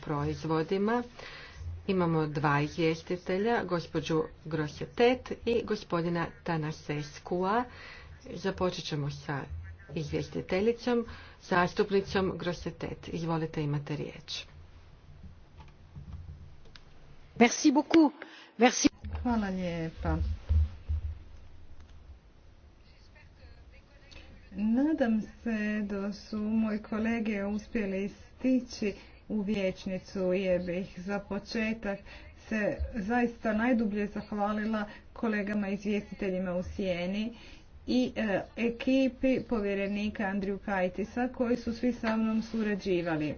proizvodima. Imamo dva izvjestitelja, gospođu Grosjotet i gospodina Tanaseskua. Započet ćemo sa izvjestiteljicom, zastupnicom grosjetet Izvolite, imate riječ. Merci beaucoup. Merci. Hvala lijepa. Nadam se da su moji kolege uspjeli stići u vječnicu je bih za početak se zaista najdublje zahvalila kolegama izvjestiteljima u Sijeni i e, ekipi povjerenika Andriju Kajtisa koji su svi sa mnom surađivali.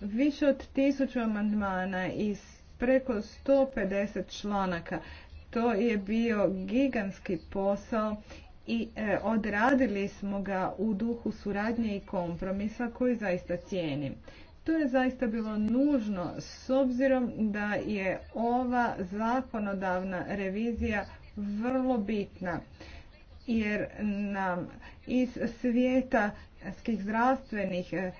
Više od tisuću amandmana i preko 150 članaka. To je bio gigantski posao i e, odradili smo ga u duhu suradnje i kompromisa koji zaista cijenim. To je zaista bilo nužno s obzirom da je ova zakonodavna revizija vrlo bitna jer nam iz svijeta zdravstvenih eh,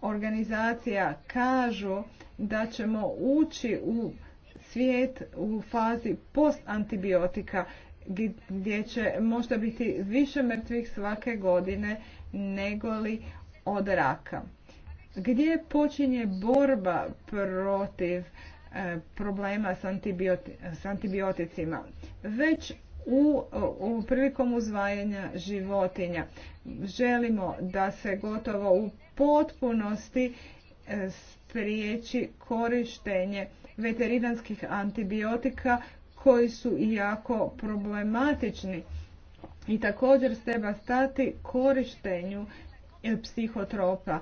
organizacija kažu da ćemo ući u svijet u fazi postantibiotika gdje će možda biti više mrtvih svake godine nego li od raka. Gdje počinje borba protiv e, problema s, antibioticima? Već u, prilikom uzvajanja životinja želimo da se gotovo u potpunosti e, spriječi korištenje veterinarskih antibiotika koji su jako problematični i također treba stati korištenju e, psihotropa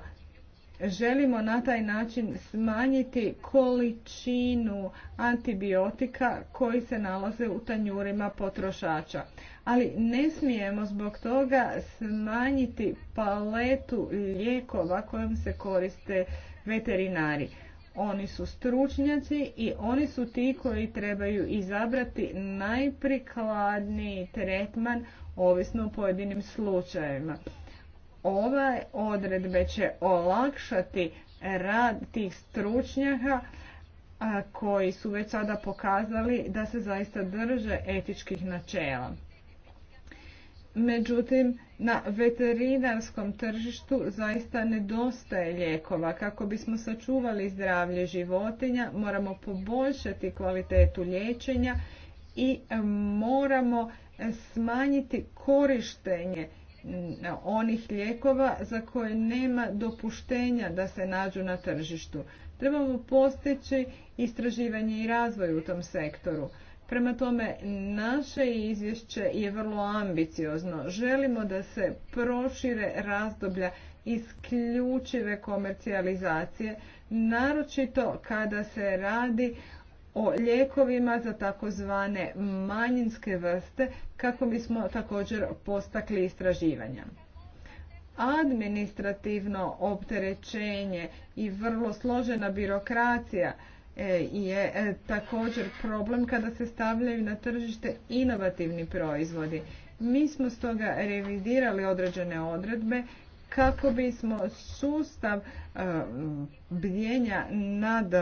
Želimo na taj način smanjiti količinu antibiotika koji se nalaze u tanjurima potrošača. Ali ne smijemo zbog toga smanjiti paletu lijekova kojom se koriste veterinari. Oni su stručnjaci i oni su ti koji trebaju izabrati najprikladniji tretman ovisno o pojedinim slučajevima ove odredbe će olakšati rad tih stručnjaka koji su već sada pokazali da se zaista drže etičkih načela. Međutim, na veterinarskom tržištu zaista nedostaje lijekova. Kako bismo sačuvali zdravlje životinja, moramo poboljšati kvalitetu liječenja i e, moramo e, smanjiti korištenje onih lijekova za koje nema dopuštenja da se nađu na tržištu. Trebamo postići istraživanje i razvoj u tom sektoru. Prema tome, naše izvješće je vrlo ambiciozno. Želimo da se prošire razdoblja isključive komercijalizacije, naročito kada se radi o lijekovima za takozvane manjinske vrste kako bismo također postakli istraživanja. Administrativno opterećenje i vrlo složena birokracija e, je e, također problem kada se stavljaju na tržište inovativni proizvodi. Mi smo stoga revidirali određene odredbe kako bismo sustav e, bdjenja nad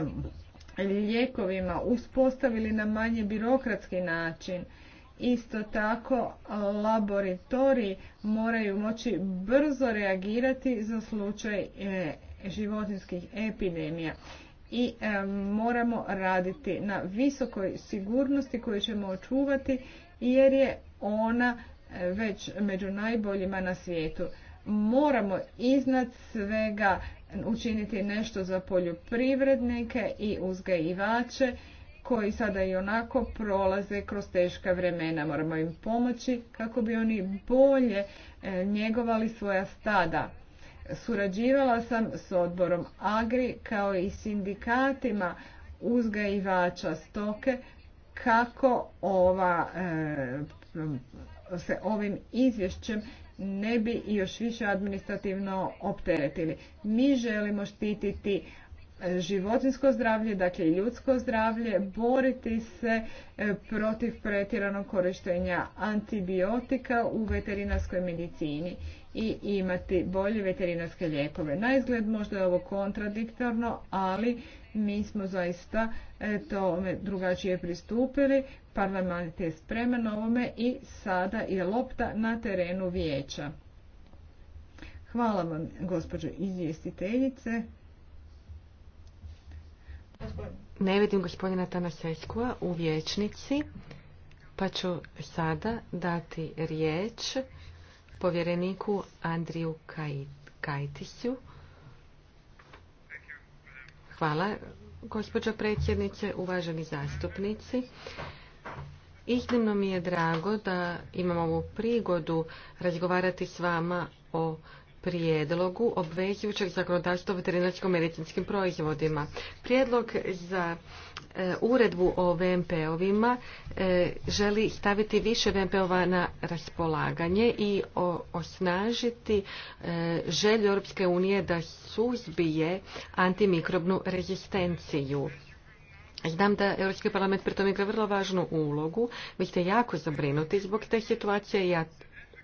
lijekovima uspostavili na manje birokratski način. Isto tako laboratoriji moraju moći brzo reagirati za slučaj e, životinskih epidemija i e, moramo raditi na visokoj sigurnosti koju ćemo očuvati jer je ona e, već među najboljima na svijetu. Moramo iznad svega učiniti nešto za poljoprivrednike i uzgajivače koji sada i onako prolaze kroz teška vremena. Moramo im pomoći kako bi oni bolje e, njegovali svoja stada. Surađivala sam s odborom Agri kao i sindikatima uzgajivača stoke kako ova, e, se ovim izvješćem ne bi još više administrativno opteretili. Mi želimo štititi e, životinsko zdravlje, dakle i ljudsko zdravlje, boriti se e, protiv pretjeranog korištenja antibiotika u veterinarskoj medicini i imati bolje veterinarske lijekove. Na izgled možda je ovo kontradiktorno, ali mi smo zaista e, tome drugačije pristupili. Parlament je spreman ovome i sada je lopta na terenu vijeća. Hvala vam, gospođo izvjestiteljice. Ne vidim gospodina Tanaseskua u vječnici, pa ću sada dati riječ povjereniku Andriju Kajtisu. Hvala, gospođo predsjednice, uvaženi zastupnici. Iznimno mi je drago da imam ovu prigodu razgovarati s vama o prijedlogu obvezujućeg zakonodavstva o veterinarsko-medicinskim proizvodima. Prijedlog za e, uredbu o VMP-ovima e, želi staviti više VMP-ova na raspolaganje i osnažiti e, želju Europske unije da suzbije antimikrobnu rezistenciju. Znam da Europski parlament tom igra vrlo važnu ulogu. Vi ste jako zabrinuti zbog te situacije. Ja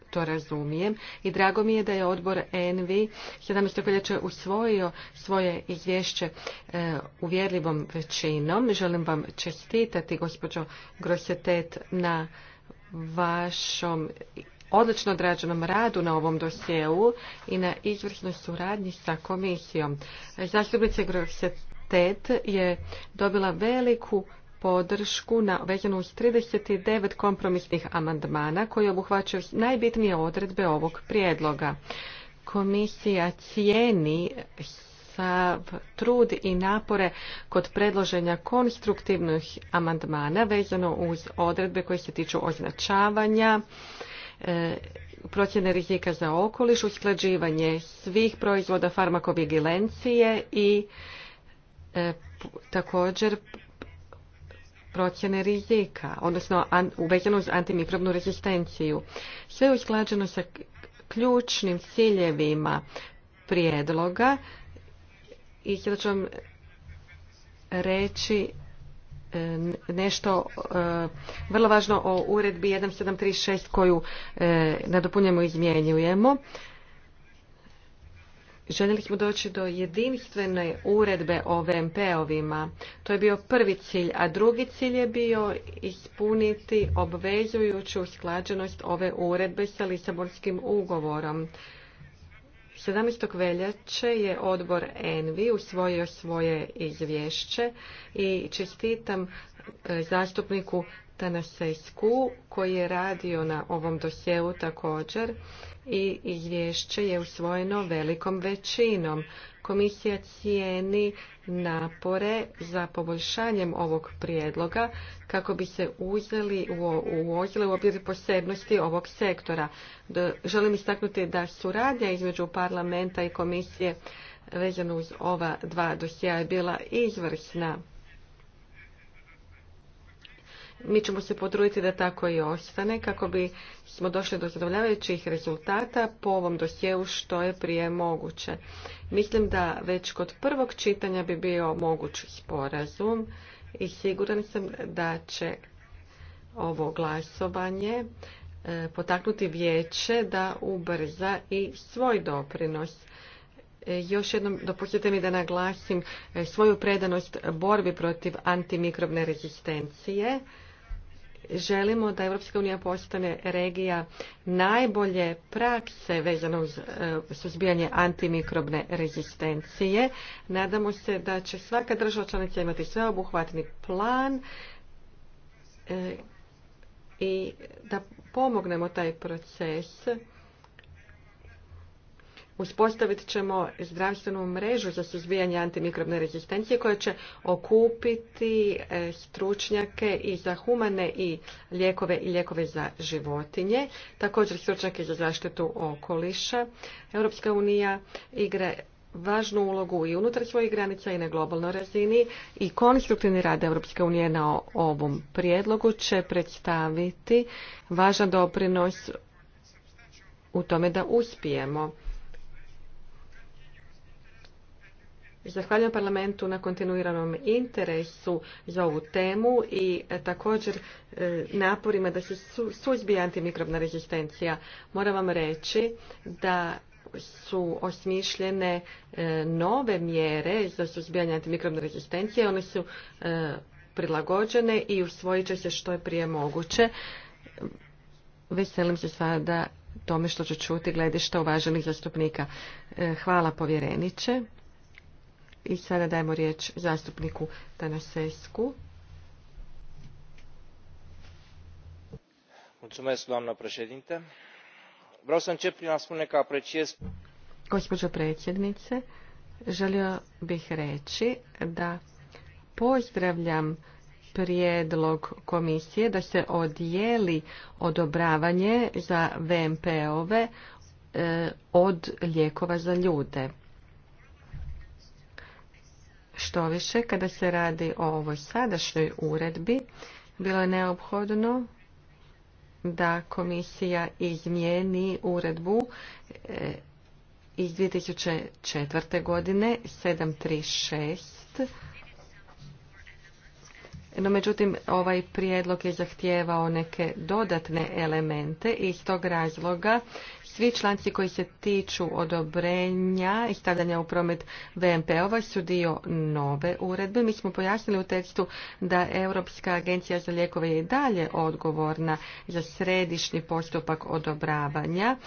to razumijem i drago mi je da je odbor ENVI 17. veljače usvojio svoje izvješće e, uvjerljivom većinom. Želim vam čestitati, gospođo Grosetet, na vašom odlično odrađenom radu na ovom dosjeu i na izvrsnoj suradnji sa komisijom. Zastupnice TED je dobila veliku podršku na vezano uz 39 kompromisnih amandmana koji obuhvaćaju najbitnije odredbe ovog prijedloga. Komisija cijeni sav trud i napore kod predloženja konstruktivnih amandmana vezano uz odredbe koje se tiču označavanja, e, procjene rizika za okoliš, usklađivanje svih proizvoda farmakovigilencije i E, također procjene rizika, odnosno uvezano uz antimikrobnu rezistenciju. Sve je usklađeno sa ključnim ciljevima prijedloga i sada ću vam reći e, nešto e, vrlo važno o uredbi 1736 koju nadopunjamo i izmjenjujemo. Željeli smo doći do jedinstvene uredbe o VMP-ovima. To je bio prvi cilj, a drugi cilj je bio ispuniti obvezujuću usklađenost ove uredbe sa Lisabonskim ugovorom. 17. veljače je odbor ENVI usvojio svoje izvješće i čestitam e, zastupniku Tanasesku koji je radio na ovom dosjeu također i izvješće je usvojeno velikom većinom. Komisija cijeni napore za poboljšanjem ovog prijedloga kako bi se uzeli u ozile u obzir posebnosti ovog sektora. Želim istaknuti da suradnja između parlamenta i komisije vezano uz ova dva dosija je bila izvrsna. Mi ćemo se potruditi da tako i ostane kako bi smo došli do zadovoljavajućih rezultata po ovom dosjeu što je prije moguće. Mislim da već kod prvog čitanja bi bio moguć sporazum i siguran sam da će ovo glasovanje e, potaknuti vijeće da ubrza i svoj doprinos. E, još jednom dopustite mi da naglasim e, svoju predanost borbi protiv antimikrobne rezistencije želimo da Europska unija postane regija najbolje prakse vezano uz e, suzbijanje antimikrobne rezistencije. Nadamo se da će svaka država članica imati sveobuhvatni plan e, i da pomognemo taj proces Uspostavit ćemo zdravstvenu mrežu za suzbijanje antimikrobne rezistencije koja će okupiti e, stručnjake i za humane i lijekove i lijekove za životinje, također stručnjake za zaštitu okoliša. Europska unija igra važnu ulogu i unutar svojih granica i na globalnoj razini i konstruktivni rad Europske unije na ovom prijedlogu će predstaviti važan doprinos u tome da uspijemo. Zahvaljujem parlamentu na kontinuiranom interesu za ovu temu i e, također e, naporima da se suzbije antimikrobna rezistencija. Moram vam reći da su osmišljene e, nove mjere za suzbijanje antimikrobne rezistencije. One su prilagođene i usvojit će se što je prije moguće. Veselim se sada tome što ću čuti gledišta uvaženih zastupnika. Hvala povjereniče. I sada dajemo riječ zastupniku Tanasesku. Mulțumesc, doamna președinte. Vreau să încep prin a spune că Gospođo predsjednice, želio bih reći da pozdravljam prijedlog komisije da se odijeli odobravanje za VMP-ove e, od lijekova za ljude. Što više, kada se radi o ovoj sadašnjoj uredbi, bilo je neophodno da komisija izmijeni uredbu eh, iz 2004. godine 736. No, međutim, ovaj prijedlog je zahtijevao neke dodatne elemente i iz tog razloga svi članci koji se tiču odobrenja i stavljanja u promet VMP-ova su dio nove uredbe. Mi smo pojasnili u tekstu da Europska agencija za lijekove je i dalje odgovorna za središnji postupak odobravanja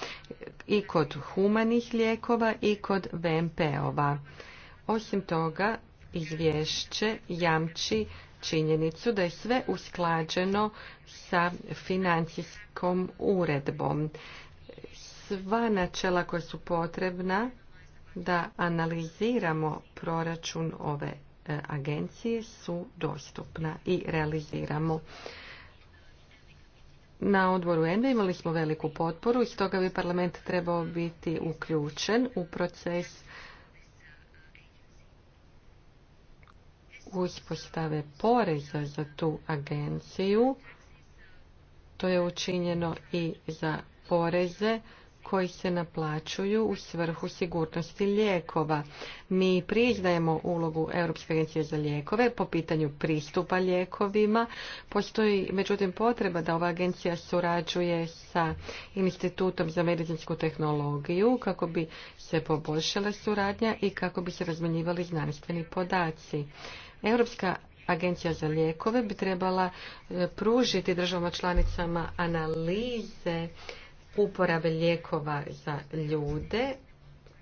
i kod humanih lijekova i kod VMP-ova. Osim toga, izvješće jamči činjenicu da je sve usklađeno sa financijskom uredbom sva načela koja su potrebna da analiziramo proračun ove e, agencije su dostupna i realiziramo. Na odboru ENDA imali smo veliku potporu i stoga bi parlament trebao biti uključen u proces uspostave poreza za tu agenciju. To je učinjeno i za poreze koji se naplaćuju u svrhu sigurnosti lijekova. Mi priznajemo ulogu Europske agencije za lijekove po pitanju pristupa lijekovima. Postoji međutim potreba da ova agencija surađuje sa Institutom za medicinsku tehnologiju kako bi se poboljšala suradnja i kako bi se razmenjivali znanstveni podaci. Europska Agencija za lijekove bi trebala e, pružiti državama članicama analize uporabe lijekova za ljude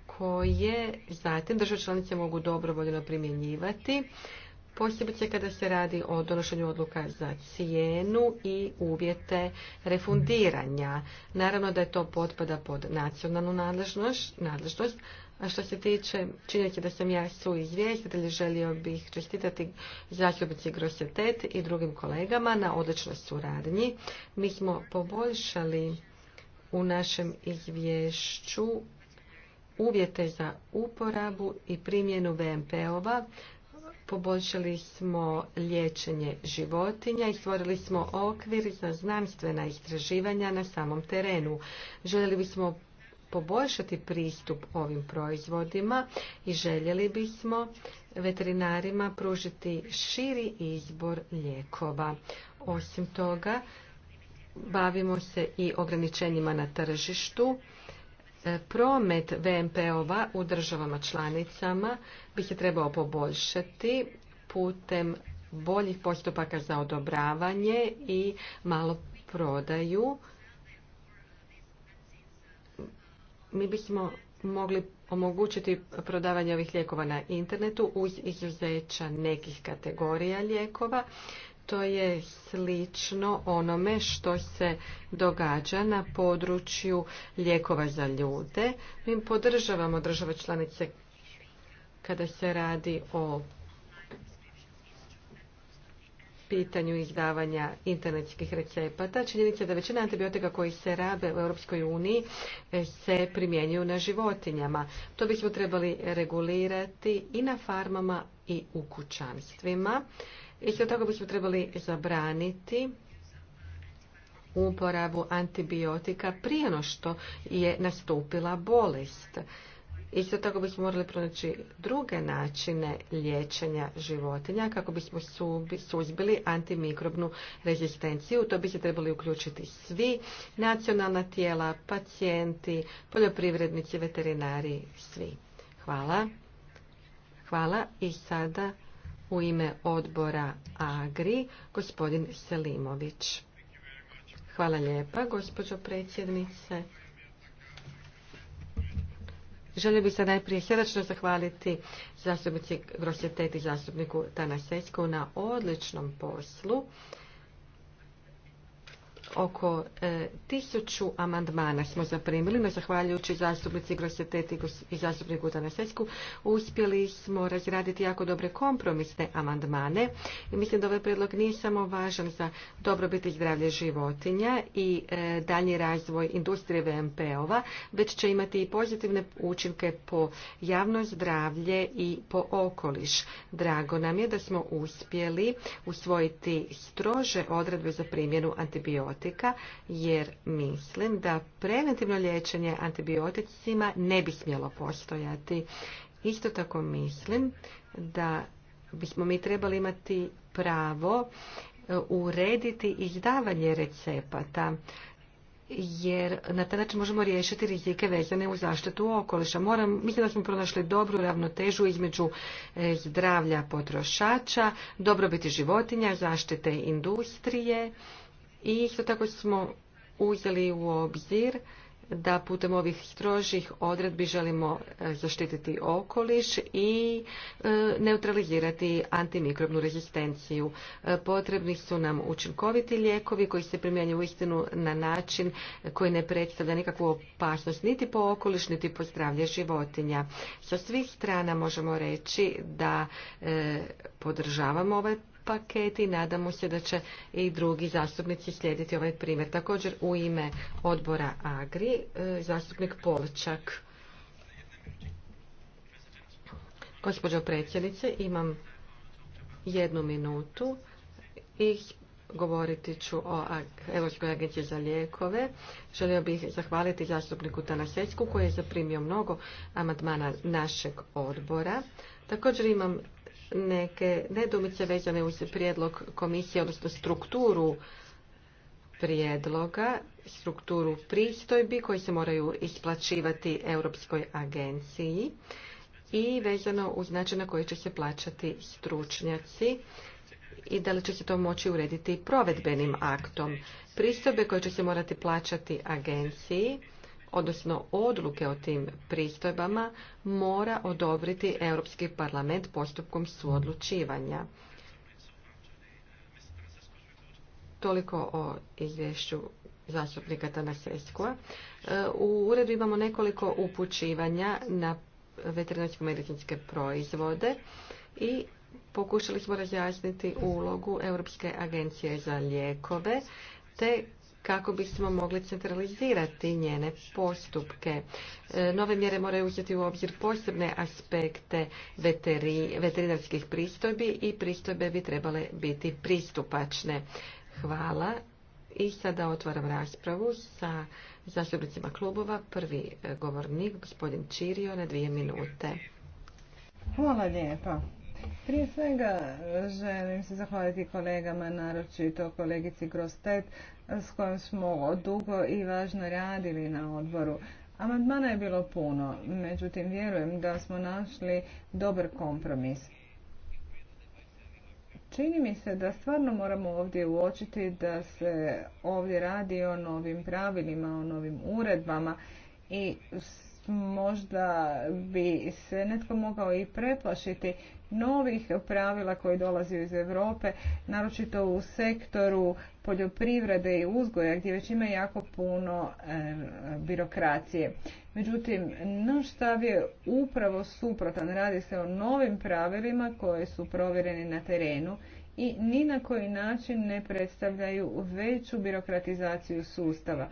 koje zatim države članice mogu dobrovoljno primjenjivati, posebice kada se radi o donošenju odluka za cijenu i uvjete refundiranja. Naravno da je to potpada pod nacionalnu nadležnost, a što se tiče činjenice da sam ja su izvjestitelj, želio bih čestitati zastupnici Grosetet i drugim kolegama na odličnoj suradnji. Mi smo poboljšali u našem izvješću uvjete za uporabu i primjenu VMP-ova. Poboljšali smo liječenje životinja i stvorili smo okvir za znanstvena istraživanja na samom terenu. Željeli bismo poboljšati pristup ovim proizvodima i željeli bismo veterinarima pružiti širi izbor lijekova. Osim toga, bavimo se i ograničenjima na tržištu. E, promet VMP-ova u državama članicama bi se trebao poboljšati putem boljih postupaka za odobravanje i malo prodaju. Mi bismo mogli omogućiti prodavanje ovih lijekova na internetu uz izuzeća nekih kategorija lijekova. To je slično onome što se događa na području lijekova za ljude. Mi podržavamo države članice kada se radi o pitanju izdavanja internetskih recepata. Činjenica je da većina antibiotika koji se rabe u Europskoj uniji e, se primjenjuju na životinjama. To bismo trebali regulirati i na farmama, i u kućanstvima. Isto tako bismo trebali zabraniti uporabu antibiotika prije no što je nastupila bolest. Isto tako bismo morali pronaći druge načine liječenja životinja kako bismo suzbili antimikrobnu rezistenciju. To bi se trebali uključiti svi nacionalna tijela, pacijenti, poljoprivrednici, veterinari, svi. Hvala. Hvala i sada u ime odbora Agri, gospodin Selimović. Hvala lijepa, gospođo predsjednice. Želio bih se najprije srdačno zahvaliti zastupnici Grosjeteti i zastupniku Tanasecku na odličnom poslu. Oko e, tisuću amandmana smo zaprimili, no zahvaljujući zastupnici Grosetet i zastupniku sesku uspjeli smo razraditi jako dobre kompromisne amandmane. I mislim da ovaj predlog nije samo važan za dobrobit i zdravlje životinja i e, dalji razvoj industrije VMP-ova, već će imati i pozitivne učinke po javno zdravlje i po okoliš. Drago nam je da smo uspjeli usvojiti strože odredbe za primjenu antibiotika antibiotika jer mislim da preventivno liječenje antibioticima ne bi smjelo postojati. Isto tako mislim da bismo mi trebali imati pravo e, urediti izdavanje recepata jer na taj način možemo riješiti rizike vezane u zaštitu okoliša. Moram, mislim da smo pronašli dobru ravnotežu između e, zdravlja potrošača, dobrobiti životinja, zaštite industrije i isto tako smo uzeli u obzir da putem ovih strožih odredbi želimo e, zaštititi okoliš i e, neutralizirati antimikrobnu rezistenciju. E, potrebni su nam učinkoviti lijekovi koji se primjenjuju uistinu na način koji ne predstavlja nikakvu opasnost niti po okoliš niti po zdravlje životinja. Sa svih strana možemo reći da podržavamo ovaj paket i nadamo se da će i drugi zastupnici slijediti ovaj primjer. Također u ime odbora Agri, e, zastupnik Polčak. Gospođo predsjednice, imam jednu minutu i govoriti ću o Europskoj agenciji za lijekove. Želio bih zahvaliti zastupniku Tanasecku koji je zaprimio mnogo amandmana našeg odbora. Također imam neke nedumice vezane uz prijedlog komisije, odnosno strukturu prijedloga, strukturu pristojbi koji se moraju isplaćivati Europskoj agenciji i vezano uz način na koji će se plaćati stručnjaci i da li će se to moći urediti provedbenim aktom. Pristojbe koje će se morati plaćati agenciji odnosno odluke o tim pristojbama, mora odobriti Europski parlament postupkom suodlučivanja. Toliko o izvješću zastupnika Tanaseskova. E, u uredu imamo nekoliko upućivanja na veterinarsko-medicinske proizvode i pokušali smo razjasniti ulogu Europske agencije za lijekove te kako bismo mogli centralizirati njene postupke. E, nove mjere moraju uzeti u obzir posebne aspekte veterinarskih pristojbi i pristojbe bi trebale biti pristupačne. Hvala. I sada otvaram raspravu sa zastupnicima klubova. Prvi e, govornik, gospodin Čirio, na dvije minute. Hvala lijepa. Prije svega želim se zahvaliti kolegama, naročito kolegici Grostet, s kojom smo dugo i važno radili na odboru. Amandmana je bilo puno, međutim vjerujem da smo našli dobar kompromis. Čini mi se da stvarno moramo ovdje uočiti da se ovdje radi o novim pravilima, o novim uredbama i možda bi se netko mogao i preplašiti novih pravila koji dolaze iz Europe, naročito u sektoru poljoprivrede i uzgoja gdje već ima jako puno birokracije. Međutim, naš stav je upravo suprotan. Radi se o novim pravilima koje su provjereni na terenu i ni na koji način ne predstavljaju veću birokratizaciju sustava.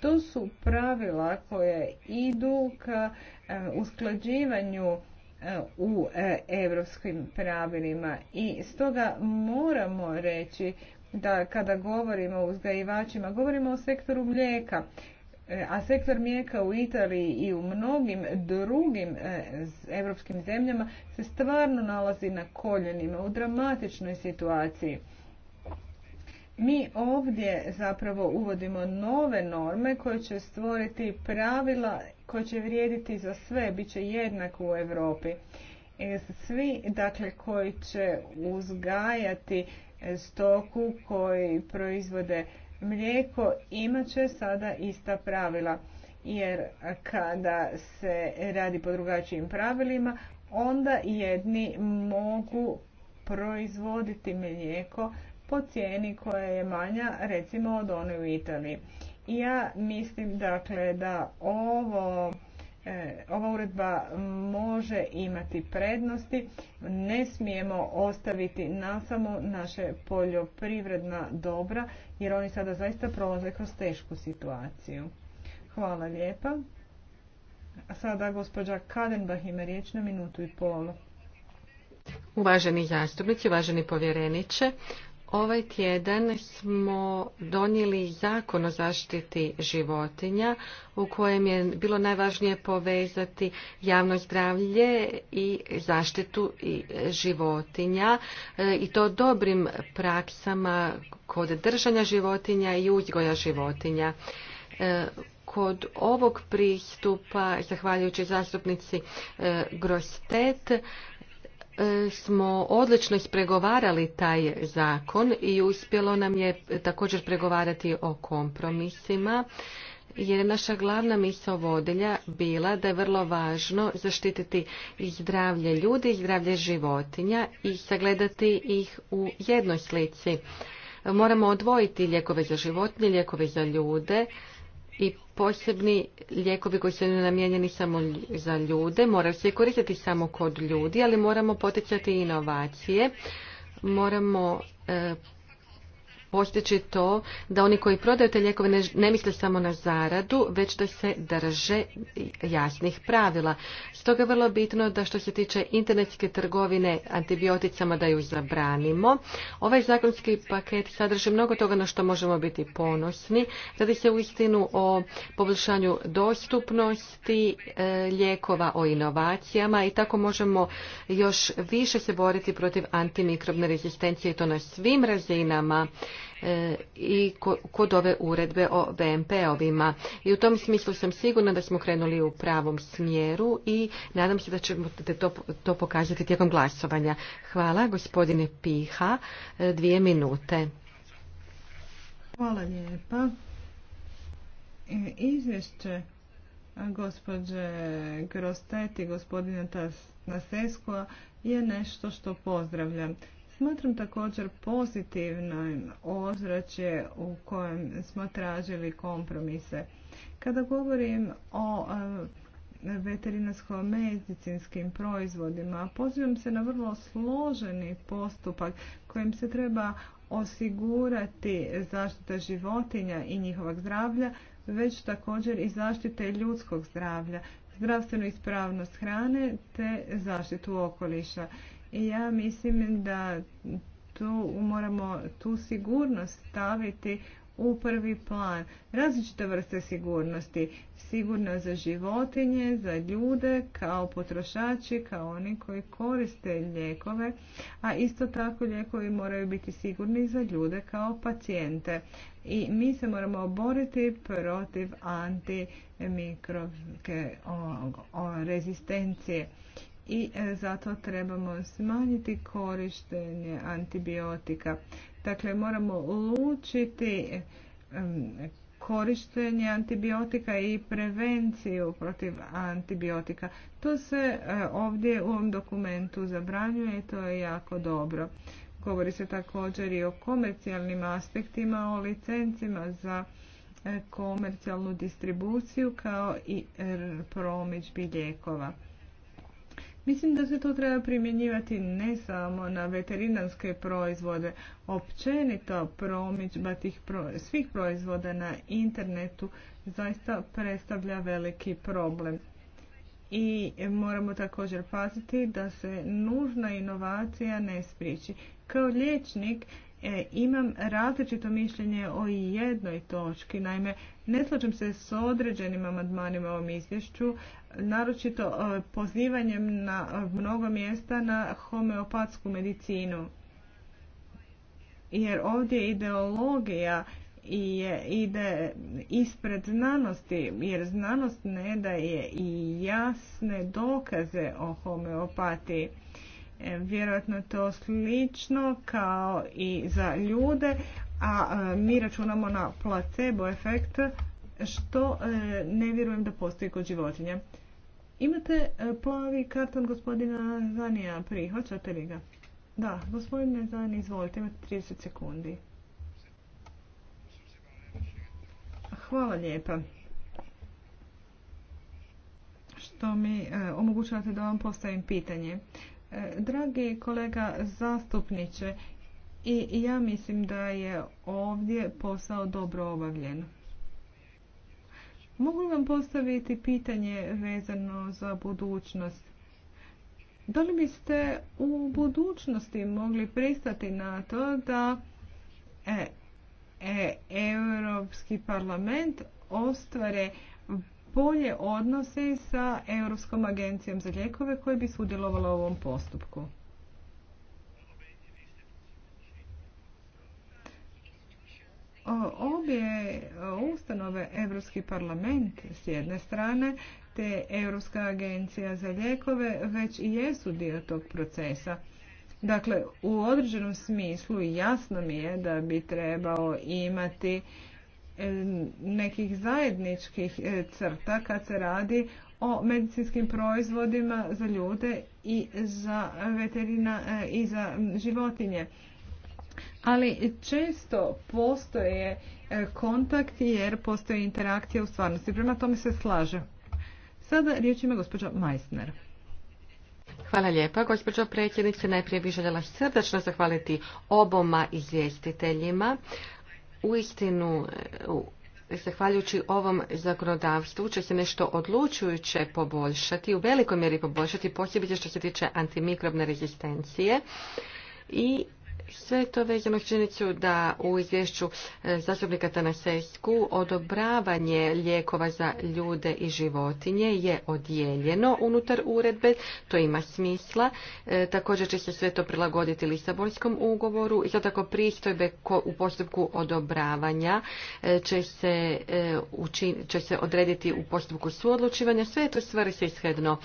To su pravila koje idu ka usklađivanju u e, evropskim pravilima i stoga moramo reći da kada govorimo o uzgajivačima, govorimo o sektoru mlijeka, e, a sektor mlijeka u Italiji i u mnogim drugim europskim zemljama se stvarno nalazi na koljenima u dramatičnoj situaciji. Mi ovdje zapravo uvodimo nove norme koje će stvoriti pravila koje će vrijediti za sve, bit će jednako u Europi. E, svi dakle, koji će uzgajati stoku koji proizvode mlijeko imat će sada ista pravila jer kada se radi po drugačijim pravilima onda jedni mogu proizvoditi mlijeko po cijeni koja je manja recimo od one u Italiji. I Ja mislim dakle da ovo e, ova uredba može imati prednosti. Ne smijemo ostaviti na samo naše poljoprivredna dobra, jer oni sada zaista prolaze kroz tešku situaciju. Hvala lijepa. A sada gospođa Kadenbach ima riječ na minutu i pol. Uvaženi zastupnici, uvaženi povjereniče, Ovaj tjedan smo donijeli zakon o zaštiti životinja u kojem je bilo najvažnije povezati javno zdravlje i zaštitu e, životinja e, i to dobrim praksama kod držanja životinja i uzgoja životinja. E, kod ovog pristupa, zahvaljujući zastupnici Grostet, E, smo odlično ispregovarali taj zakon i uspjelo nam je također pregovarati o kompromisima jer je naša glavna misao vodilja bila da je vrlo važno zaštititi zdravlje ljudi i zdravlje životinja i sagledati ih u jednoj slici. Moramo odvojiti lijekove za životinje, lijekove za ljude i posebni lijekovi koji su namijenjeni samo za ljude moraju se koristiti samo kod ljudi, ali moramo poticati inovacije, moramo e, postići to da oni koji prodaju te lijekove ne, misle samo na zaradu, već da se drže jasnih pravila. Stoga je vrlo bitno da što se tiče internetske trgovine antibioticama da ju zabranimo. Ovaj zakonski paket sadrži mnogo toga na što možemo biti ponosni. Radi se u istinu o poboljšanju dostupnosti e, lijekova, o inovacijama i tako možemo još više se boriti protiv antimikrobne rezistencije i to na svim razinama E, i kod ove uredbe o BMP-ovima. I u tom smislu sam sigurna da smo krenuli u pravom smjeru i nadam se da ćemo to, pokazati tijekom glasovanja. Hvala, gospodine Piha. E, dvije minute. Hvala lijepa. E, izvješće gospođe i gospodina Naseskova je nešto što pozdravljam. Smatram također pozitivno ozračje u kojem smo tražili kompromise. Kada govorim o e, veterinarsko-medicinskim proizvodima, pozivam se na vrlo složeni postupak kojim se treba osigurati zaštita životinja i njihovog zdravlja, već također i zaštite ljudskog zdravlja, zdravstvenu ispravnost hrane te zaštitu okoliša ja mislim da tu moramo tu sigurnost staviti u prvi plan. Različite vrste sigurnosti. Sigurno za životinje, za ljude, kao potrošači, kao oni koji koriste lijekove, a isto tako lijekovi moraju biti sigurni za ljude kao pacijente. I mi se moramo boriti protiv antimikrobske rezistencije i e, zato trebamo smanjiti korištenje antibiotika. Dakle, moramo lučiti korištenje antibiotika i prevenciju protiv antibiotika. To se e, ovdje u ovom dokumentu zabranjuje i to je jako dobro. Govori se također i o komercijalnim aspektima, o licencima za e, komercijalnu distribuciju kao i promičbi lijekova. Mislim da se to treba primjenjivati ne samo na veterinarske proizvode, općenito promičba tih svih proizvoda na internetu zaista predstavlja veliki problem. I moramo također paziti da se nužna inovacija ne spriječi. Kao liječnik E, imam različito mišljenje o jednoj točki. Naime, ne slažem se s određenim amandmanima u ovom izvješću, naročito e, pozivanjem na e, mnogo mjesta na homeopatsku medicinu. Jer ovdje ideologija i ide ispred znanosti, jer znanost ne daje i jasne dokaze o homeopatiji. E, vjerojatno to slično kao i za ljude, a e, mi računamo na placebo efekt što e, ne vjerujem da postoji kod životinja. Imate plavi karton gospodina Zanija, prihvaćate li ga? Da, gospodine Zani, izvolite, imate 30 sekundi. Hvala lijepa što mi omogućavate da vam postavim pitanje. E, dragi kolega zastupniče, i ja mislim da je ovdje posao dobro obavljen. Mogu vam postaviti pitanje vezano za budućnost. Da li biste u budućnosti mogli pristati na to da e, e, Europski parlament ostvare bolje odnose sa Europskom agencijom za lijekove koje bi sudjelovala u ovom postupku. Obje ustanove Europski parlament s jedne strane te Europska agencija za lijekove već i jesu dio tog procesa. Dakle, u određenom smislu jasno mi je da bi trebao imati E, nekih zajedničkih e, crta kad se radi o medicinskim proizvodima za ljude i za veterina e, i za životinje. Ali često postoje kontakt jer postoji interakcija u stvarnosti. Prema tome se slaže. Sada riječ ima gospođa Meissner. Hvala lijepa, gospođo predsjednice. Najprije bih željela srdačno zahvaliti oboma izvjestiteljima uistinu e, zahvaljujući ovom zakonodavstvu će se nešto odlučujuće poboljšati, u velikoj mjeri poboljšati, posebice što se tiče antimikrobne rezistencije i sve to vezano činjenicu da u izvješću e, zastupnika Tanasesku odobravanje lijekova za ljude i životinje je odijeljeno unutar uredbe, to ima smisla. E, također će se sve to prilagoditi Lisabonskom ugovoru i tako pristojbe u postupku odobravanja e, će, se, se odrediti u postupku suodlučivanja. Sve stvari se ishredno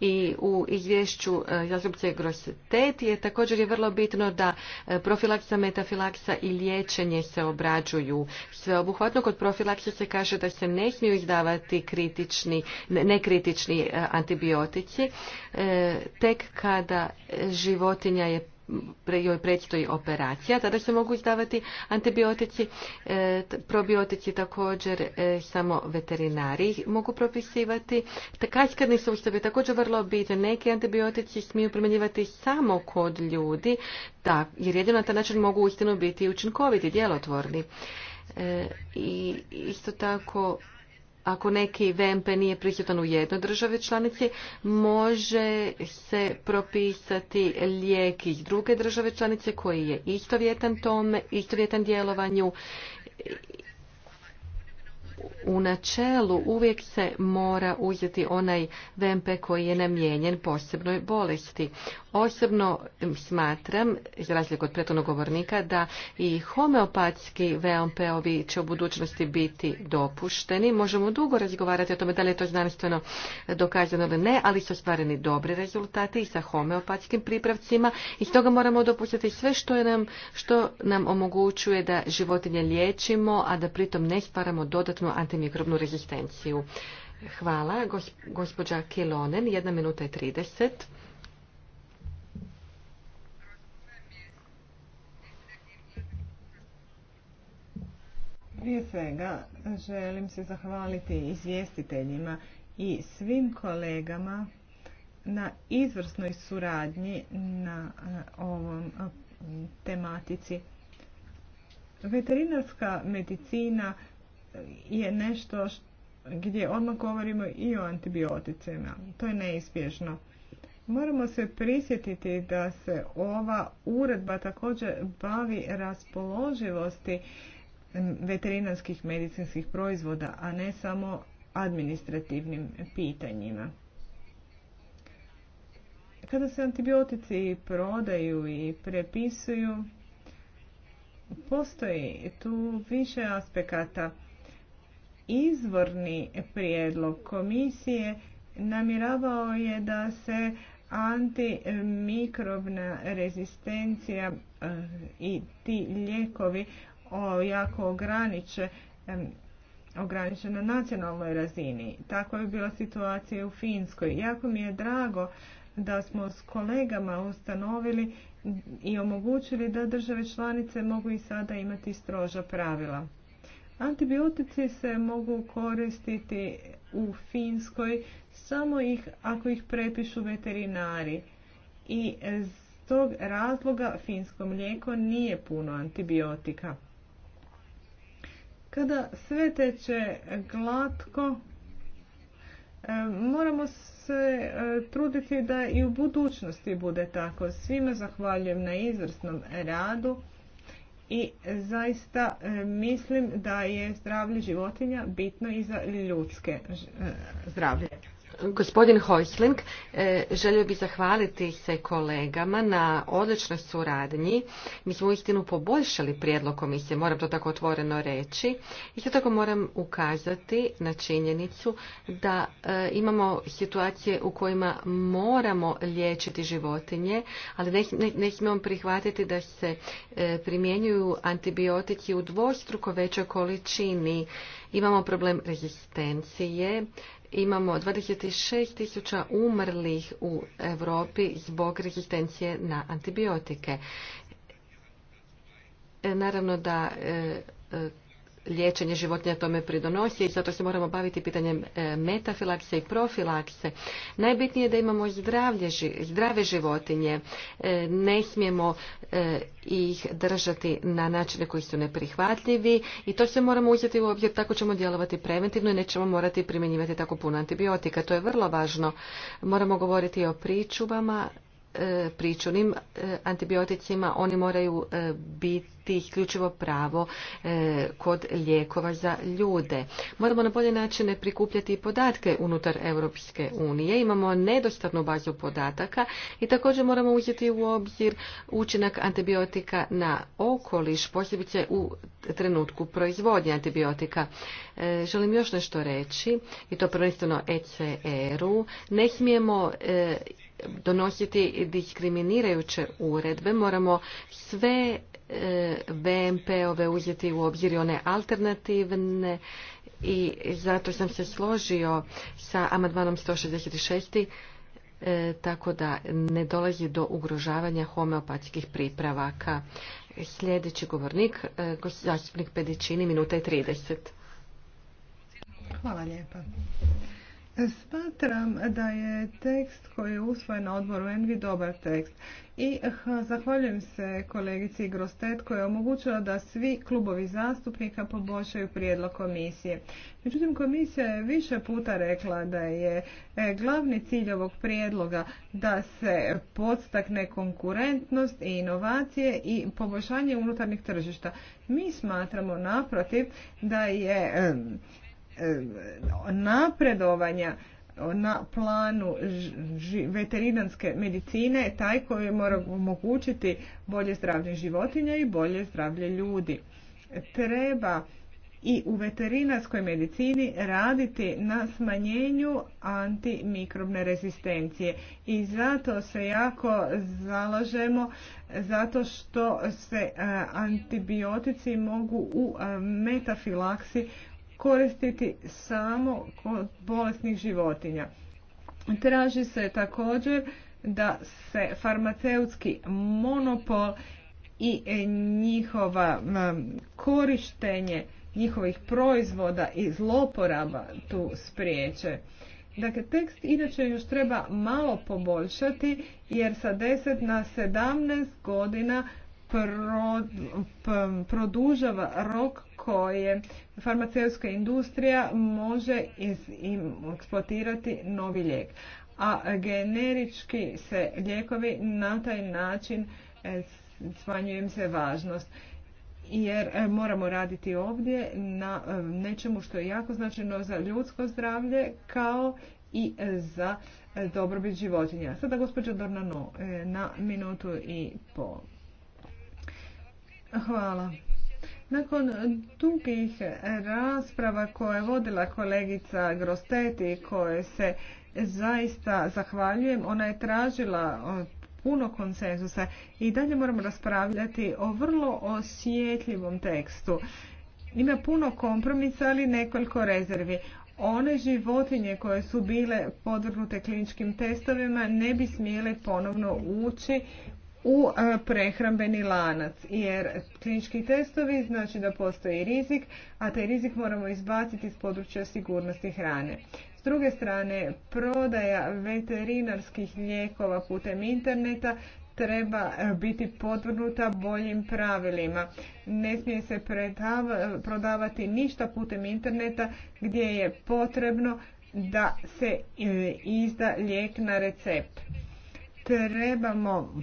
i u izvješću zastupnice Grosteti je također je vrlo bitno da E, profilaksa, metafilaksa i liječenje se obrađuju. Sveobuhvatno kod profilaksa se kaže da se ne smiju izdavati kritični, nekritični e, antibiotici. E, tek kada životinja je joj predstoji operacija, tada se mogu izdavati antibiotici, e, probiotici također e, samo veterinari mogu propisivati. Kaskarni sustav je također vrlo bitan. Neki antibiotici smiju primjenjivati samo kod ljudi, jer jedino na taj način mogu uistinu biti učinkoviti, djelotvorni. E, I isto tako ako neki VMP nije prisutan u jednoj državi članici, može se propisati lijek iz druge države članice koji je istovjetan tome, istovjetan djelovanju. U načelu uvijek se mora uzeti onaj VMP koji je namijenjen posebnoj bolesti. Osobno smatram, iz razliku od prethodnog govornika, da i homeopatski VMP-ovi će u budućnosti biti dopušteni. Možemo dugo razgovarati o tome da li je to znanstveno dokazano ili ne, ali su ostvareni dobri rezultati i sa homeopatskim pripravcima i toga moramo dopustiti sve što nam, što nam omogućuje da životinje liječimo, a da pritom ne stvaramo dodatnu antimikrobnu rezistenciju. Hvala, gospođa Kilonen, jedna minuta i trideset. Prije svega želim se zahvaliti izvjestiteljima i svim kolegama na izvrsnoj suradnji na eh, ovom eh, tematici. Veterinarska medicina eh, je nešto gdje odmah govorimo i o antibioticima. To je neispješno. Moramo se prisjetiti da se ova uredba također bavi raspoloživosti veterinarskih medicinskih proizvoda, a ne samo administrativnim pitanjima. Kada se antibiotici prodaju i prepisuju, postoji tu više aspekata. Izvorni prijedlog komisije namjeravao je da se antimikrobna rezistencija eh, i ti lijekovi jako ograniče ograničen na nacionalnoj razini. Tako je bila situacija u Finskoj. Jako mi je drago da smo s kolegama ustanovili i omogućili da države članice mogu i sada imati stroža pravila. Antibiotici se mogu koristiti u Finskoj samo ih ako ih prepišu veterinari. I s tog razloga finsko mlijeko nije puno antibiotika. Kada sve teče glatko, e, moramo se e, truditi da i u budućnosti bude tako. Svima zahvaljujem na izvrsnom radu i zaista e, mislim da je zdravlje životinja bitno i za ljudske zdravlje. Gospodin Hojsling, e, želio bih zahvaliti se kolegama na odličnoj suradnji. Mi smo uistinu poboljšali prijedlog komisije, moram to tako otvoreno reći. Isto tako moram ukazati na činjenicu da e, imamo situacije u kojima moramo liječiti životinje, ali ne, ne smijemo prihvatiti da se e, primjenjuju antibiotici u dvostruko većoj količini. Imamo problem rezistencije, imamo 26.000 tisuća umrlih u Europi zbog rezistencije na antibiotike. E, naravno da e, e, liječenje životinja tome pridonosi i zato se moramo baviti pitanjem e, metafilakse i profilakse. Najbitnije je da imamo zdrave životinje. E, ne smijemo e, ih držati na načine koji su neprihvatljivi i to se moramo uzeti u obzir. Tako ćemo djelovati preventivno i nećemo morati primjenjivati tako puno antibiotika. To je vrlo važno. Moramo govoriti o pričuvama E, pričunim e, antibioticima oni moraju e, biti isključivo pravo kod lijekova za ljude. Moramo na bolje načine prikupljati podatke unutar Europske unije. Imamo nedostatnu bazu podataka i također moramo uzeti u obzir učinak antibiotika na okoliš, posebice u trenutku proizvodnje antibiotika. Želim još nešto reći i to prvenstveno ECR-u. Ne smijemo donositi diskriminirajuće uredbe, moramo sve BMP-ove e, uzeti u obzir one alternativne i zato sam se složio sa amadmanom 166 e, tako da ne dolazi do ugrožavanja homeopatskih pripravaka. Sljedeći govornik, e, zastupnik Pedičini, minuta i 30. Hvala lijepa. Smatram da je tekst koji je usvojen na odboru Envi dobar tekst i zahvaljujem se kolegici Grostet koja je omogućila da svi klubovi zastupnika poboljšaju prijedlog komisije. Međutim, komisija je više puta rekla da je e, glavni cilj ovog prijedloga da se podstakne konkurentnost i inovacije i poboljšanje unutarnjih tržišta. Mi smatramo naprotiv da je e, E, napredovanja na planu veterinanske medicine taj koji mora omogućiti bolje zdravlje životinja i bolje zdravlje ljudi. Treba i u veterinarskoj medicini raditi na smanjenju antimikrobne rezistencije. I zato se jako zalažemo, zato što se e, antibiotici mogu u e, metafilaksi koristiti samo kod bolesnih životinja. Traži se također da se farmaceutski monopol i njihova korištenje njihovih proizvoda i zloporaba tu spriječe. Dakle, tekst inače još treba malo poboljšati jer sa 10 na 17 godina produžava rok koje farmaceutska industrija može eksploatirati novi lijek. A generički se lijekovi na taj način e, smanjuje im se važnost. Jer e, moramo raditi ovdje na e, nečemu što je jako značajno za ljudsko zdravlje kao i za dobrobit životinja. Sada gospođa Dornano na minutu i pol. Hvala. Nakon dugih rasprava koje je vodila kolegica Grosteti koje se zaista zahvaljujem, ona je tražila puno konsenzusa i dalje moramo raspravljati o vrlo osjetljivom tekstu. Ima puno kompromisa, ali nekoliko rezervi. One životinje koje su bile podvrnute kliničkim testovima ne bi smjele ponovno ući u e, prehrambeni lanac. Jer klinički testovi znači da postoji rizik, a taj rizik moramo izbaciti iz područja sigurnosti hrane. S druge strane, prodaja veterinarskih lijekova putem interneta treba e, biti podvrnuta boljim pravilima. Ne smije se prodavati ništa putem interneta gdje je potrebno da se e, izda lijek na recept. Trebamo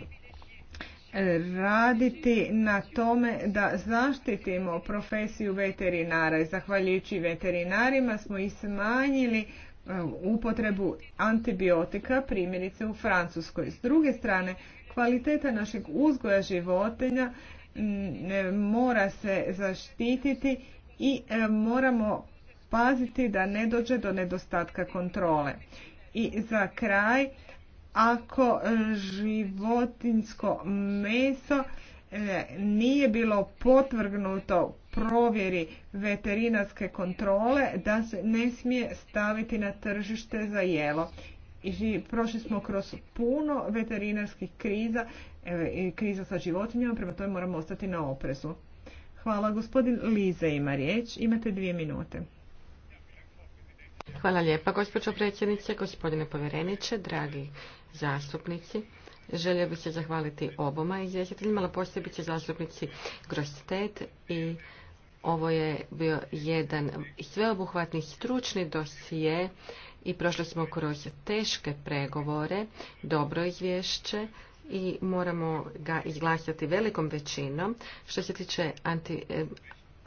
raditi na tome da zaštitimo profesiju veterinara. Zahvaljujući veterinarima smo i smanjili um, upotrebu antibiotika, primjerice u Francuskoj. S druge strane, kvaliteta našeg uzgoja životinja mm, mora se zaštititi i um, moramo paziti da ne dođe do nedostatka kontrole. I za kraj, ako e, životinsko meso e, nije bilo potvrgnuto provjeri veterinarske kontrole da se ne smije staviti na tržište za jelo. I prošli smo kroz puno veterinarskih kriza, e, kriza sa životinjama, prema tome moramo ostati na oprezu. Hvala, gospodin Lize ima riječ, imate dvije minute. Hvala lijepa, gospođo predsjednice, gospodine povjereniče, dragi zastupnici. Želio bih se zahvaliti oboma izvjestiteljima, ali posebice zastupnici Grostet i ovo je bio jedan sveobuhvatni stručni dosije i prošli smo kroz teške pregovore, dobro izvješće i moramo ga izglasati velikom većinom. Što se tiče anti,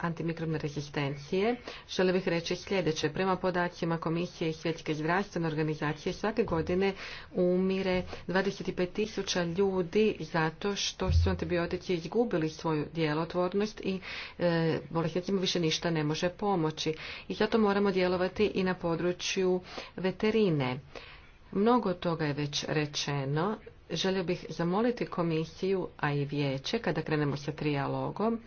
antimikrobne rezistencije, žele bih reći sljedeće. Prema podacima Komisije i Svjetske zdravstvene organizacije svake godine umire 25.000 tisuća ljudi zato što su antibiotici izgubili svoju djelotvornost i e, više ništa ne može pomoći. I zato moramo djelovati i na području veterine. Mnogo toga je već rečeno. Želio bih zamoliti komisiju, a i vijeće, kada krenemo sa trijalogom,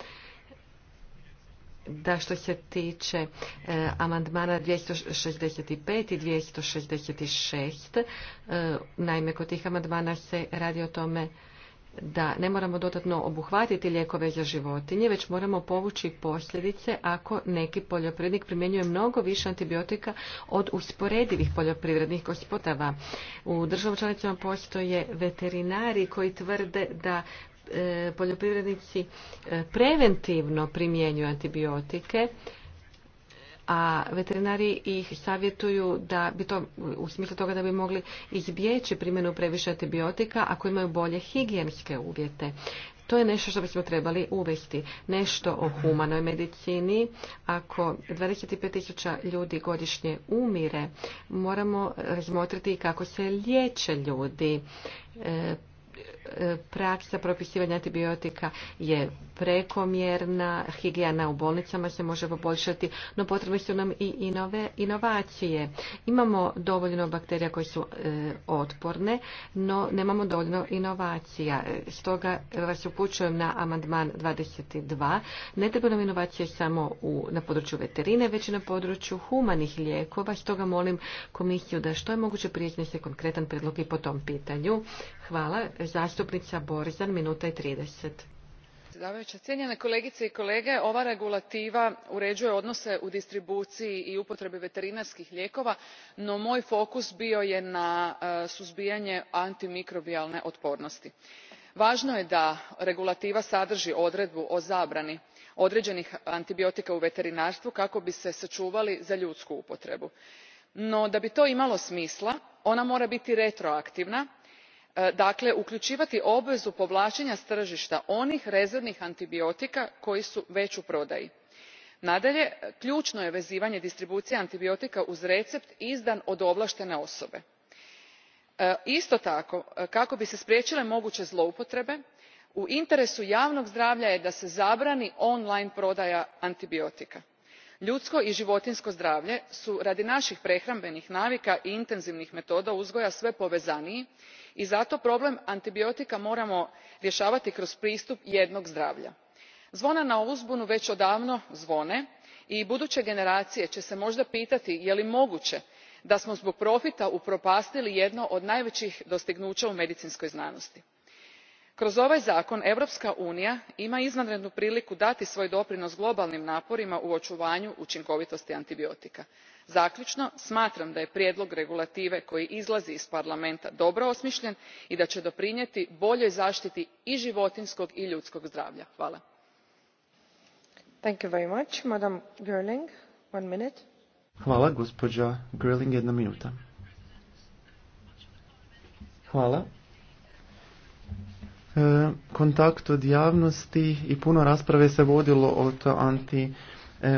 da što se tiče e, amandmana 265 i 266, e, naime kod tih amandmana se radi o tome da ne moramo dodatno obuhvatiti lijekove za životinje, već moramo povući posljedice ako neki poljoprivrednik primjenjuje mnogo više antibiotika od usporedivih poljoprivrednih gospodava. U državom članicama postoje veterinari koji tvrde da E, poljoprivrednici e, preventivno primjenjuju antibiotike, a veterinari ih savjetuju da bi to, u smislu toga da bi mogli izbjeći primjenu previše antibiotika ako imaju bolje higijenske uvjete. To je nešto što bismo trebali uvesti. Nešto o humanoj medicini. Ako 25.000 ljudi godišnje umire, moramo razmotriti kako se liječe ljudi. E, E, praksa propisivanja antibiotika je prekomjerna, higijena u bolnicama se može poboljšati, no potrebne su nam i nove inovacije. Imamo dovoljno bakterija koje su e, otporne, no nemamo dovoljno inovacija. E, stoga vas upućujem na amandman 22. Ne treba nam inovacije samo u, na području veterine, već i na području humanih lijekova. Stoga molim komisiju da što je moguće prijeznese konkretan predlog i po tom pitanju. Hvala. Zastupnica Borzan, minuta i 30. cijenjene kolegice i kolege, ova regulativa uređuje odnose u distribuciji i upotrebi veterinarskih lijekova, no moj fokus bio je na e, suzbijanje antimikrobijalne otpornosti važno je da regulativa sadrži odredbu o zabrani određenih antibiotika u veterinarstvu kako bi se sačuvali za ljudsku upotrebu no da bi to imalo smisla ona mora biti retroaktivna E, dakle uključivati obvezu povlačenja s tržišta onih rezervnih antibiotika koji su već u prodaji. nadalje ključno je vezivanje distribucije antibiotika uz recept izdan od ovlaštene osobe. E, isto tako e, kako bi se spriječile moguće zloupotrebe u interesu javnog zdravlja je da se zabrani online prodaja antibiotika ljudsko i životinjsko zdravlje su radi naših prehrambenih navika i intenzivnih metoda uzgoja sve povezaniji i zato problem antibiotika moramo rješavati kroz pristup jednog zdravlja. zvona na uzbunu već odavno zvone i buduće generacije će se možda pitati je li moguće da smo zbog profita upropastili jedno od najvećih dostignuća u medicinskoj znanosti kroz ovaj zakon europska unija ima izvanrednu priliku dati svoj doprinos globalnim naporima u očuvanju učinkovitosti antibiotika. zaključno smatram da je prijedlog regulative koji izlazi iz parlamenta dobro osmišljen i da će doprinijeti boljoj zaštiti i životinjskog i ljudskog zdravlja. hvala. Hvala. E, kontakt od javnosti i puno rasprave se vodilo o to anti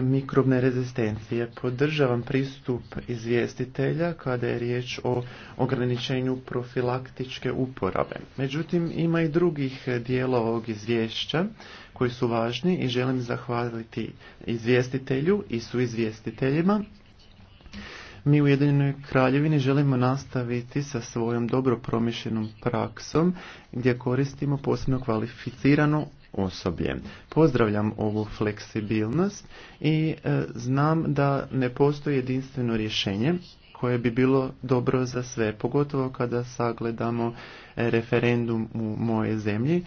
mikrobne rezistencije. Podržavam pristup izvjestitelja kada je riječ o ograničenju profilaktičke uporabe. Međutim, ima i drugih dijela ovog izvješća koji su važni i želim zahvaliti izvjestitelju i su izvjestiteljima mi u Jedinoj Kraljevini želimo nastaviti sa svojom dobro promišljenom praksom gdje koristimo posebno kvalificirano osoblje. Pozdravljam ovu fleksibilnost i e, znam da ne postoji jedinstveno rješenje koje bi bilo dobro za sve, pogotovo kada sagledamo e, referendum u moje zemlji.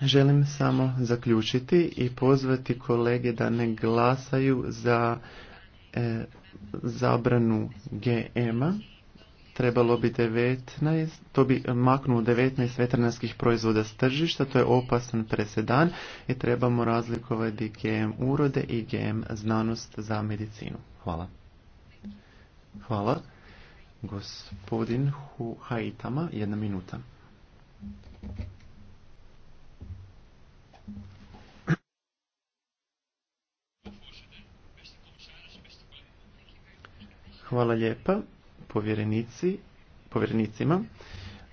Želim samo zaključiti i pozvati kolege da ne glasaju za E, zabranu GM-a trebalo bi 19, to bi maknuo 19 veterinarskih proizvoda s tržišta, to je opasan presedan i trebamo razlikovati GM urode i GM znanost za medicinu. Hvala. Hvala. Gospodin Haitama, jedna minuta. Hvala lijepa povjerenici, povjerenicima.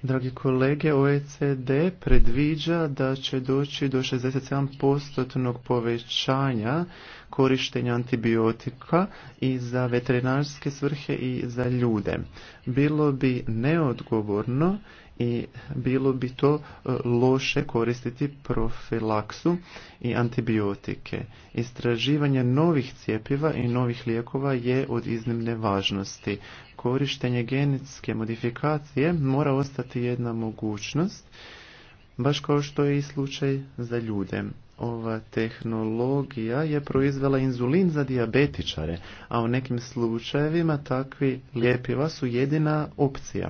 Dragi kolege, OECD predviđa da će doći do 67% povećanja korištenja antibiotika i za veterinarske svrhe i za ljude. Bilo bi neodgovorno i bilo bi to e, loše koristiti profilaksu i antibiotike. Istraživanje novih cijepiva i novih lijekova je od iznimne važnosti. Korištenje genetske modifikacije mora ostati jedna mogućnost, baš kao što je i slučaj za ljude ova tehnologija je proizvela inzulin za dijabetičare, a u nekim slučajevima takvi ljepiva su jedina opcija.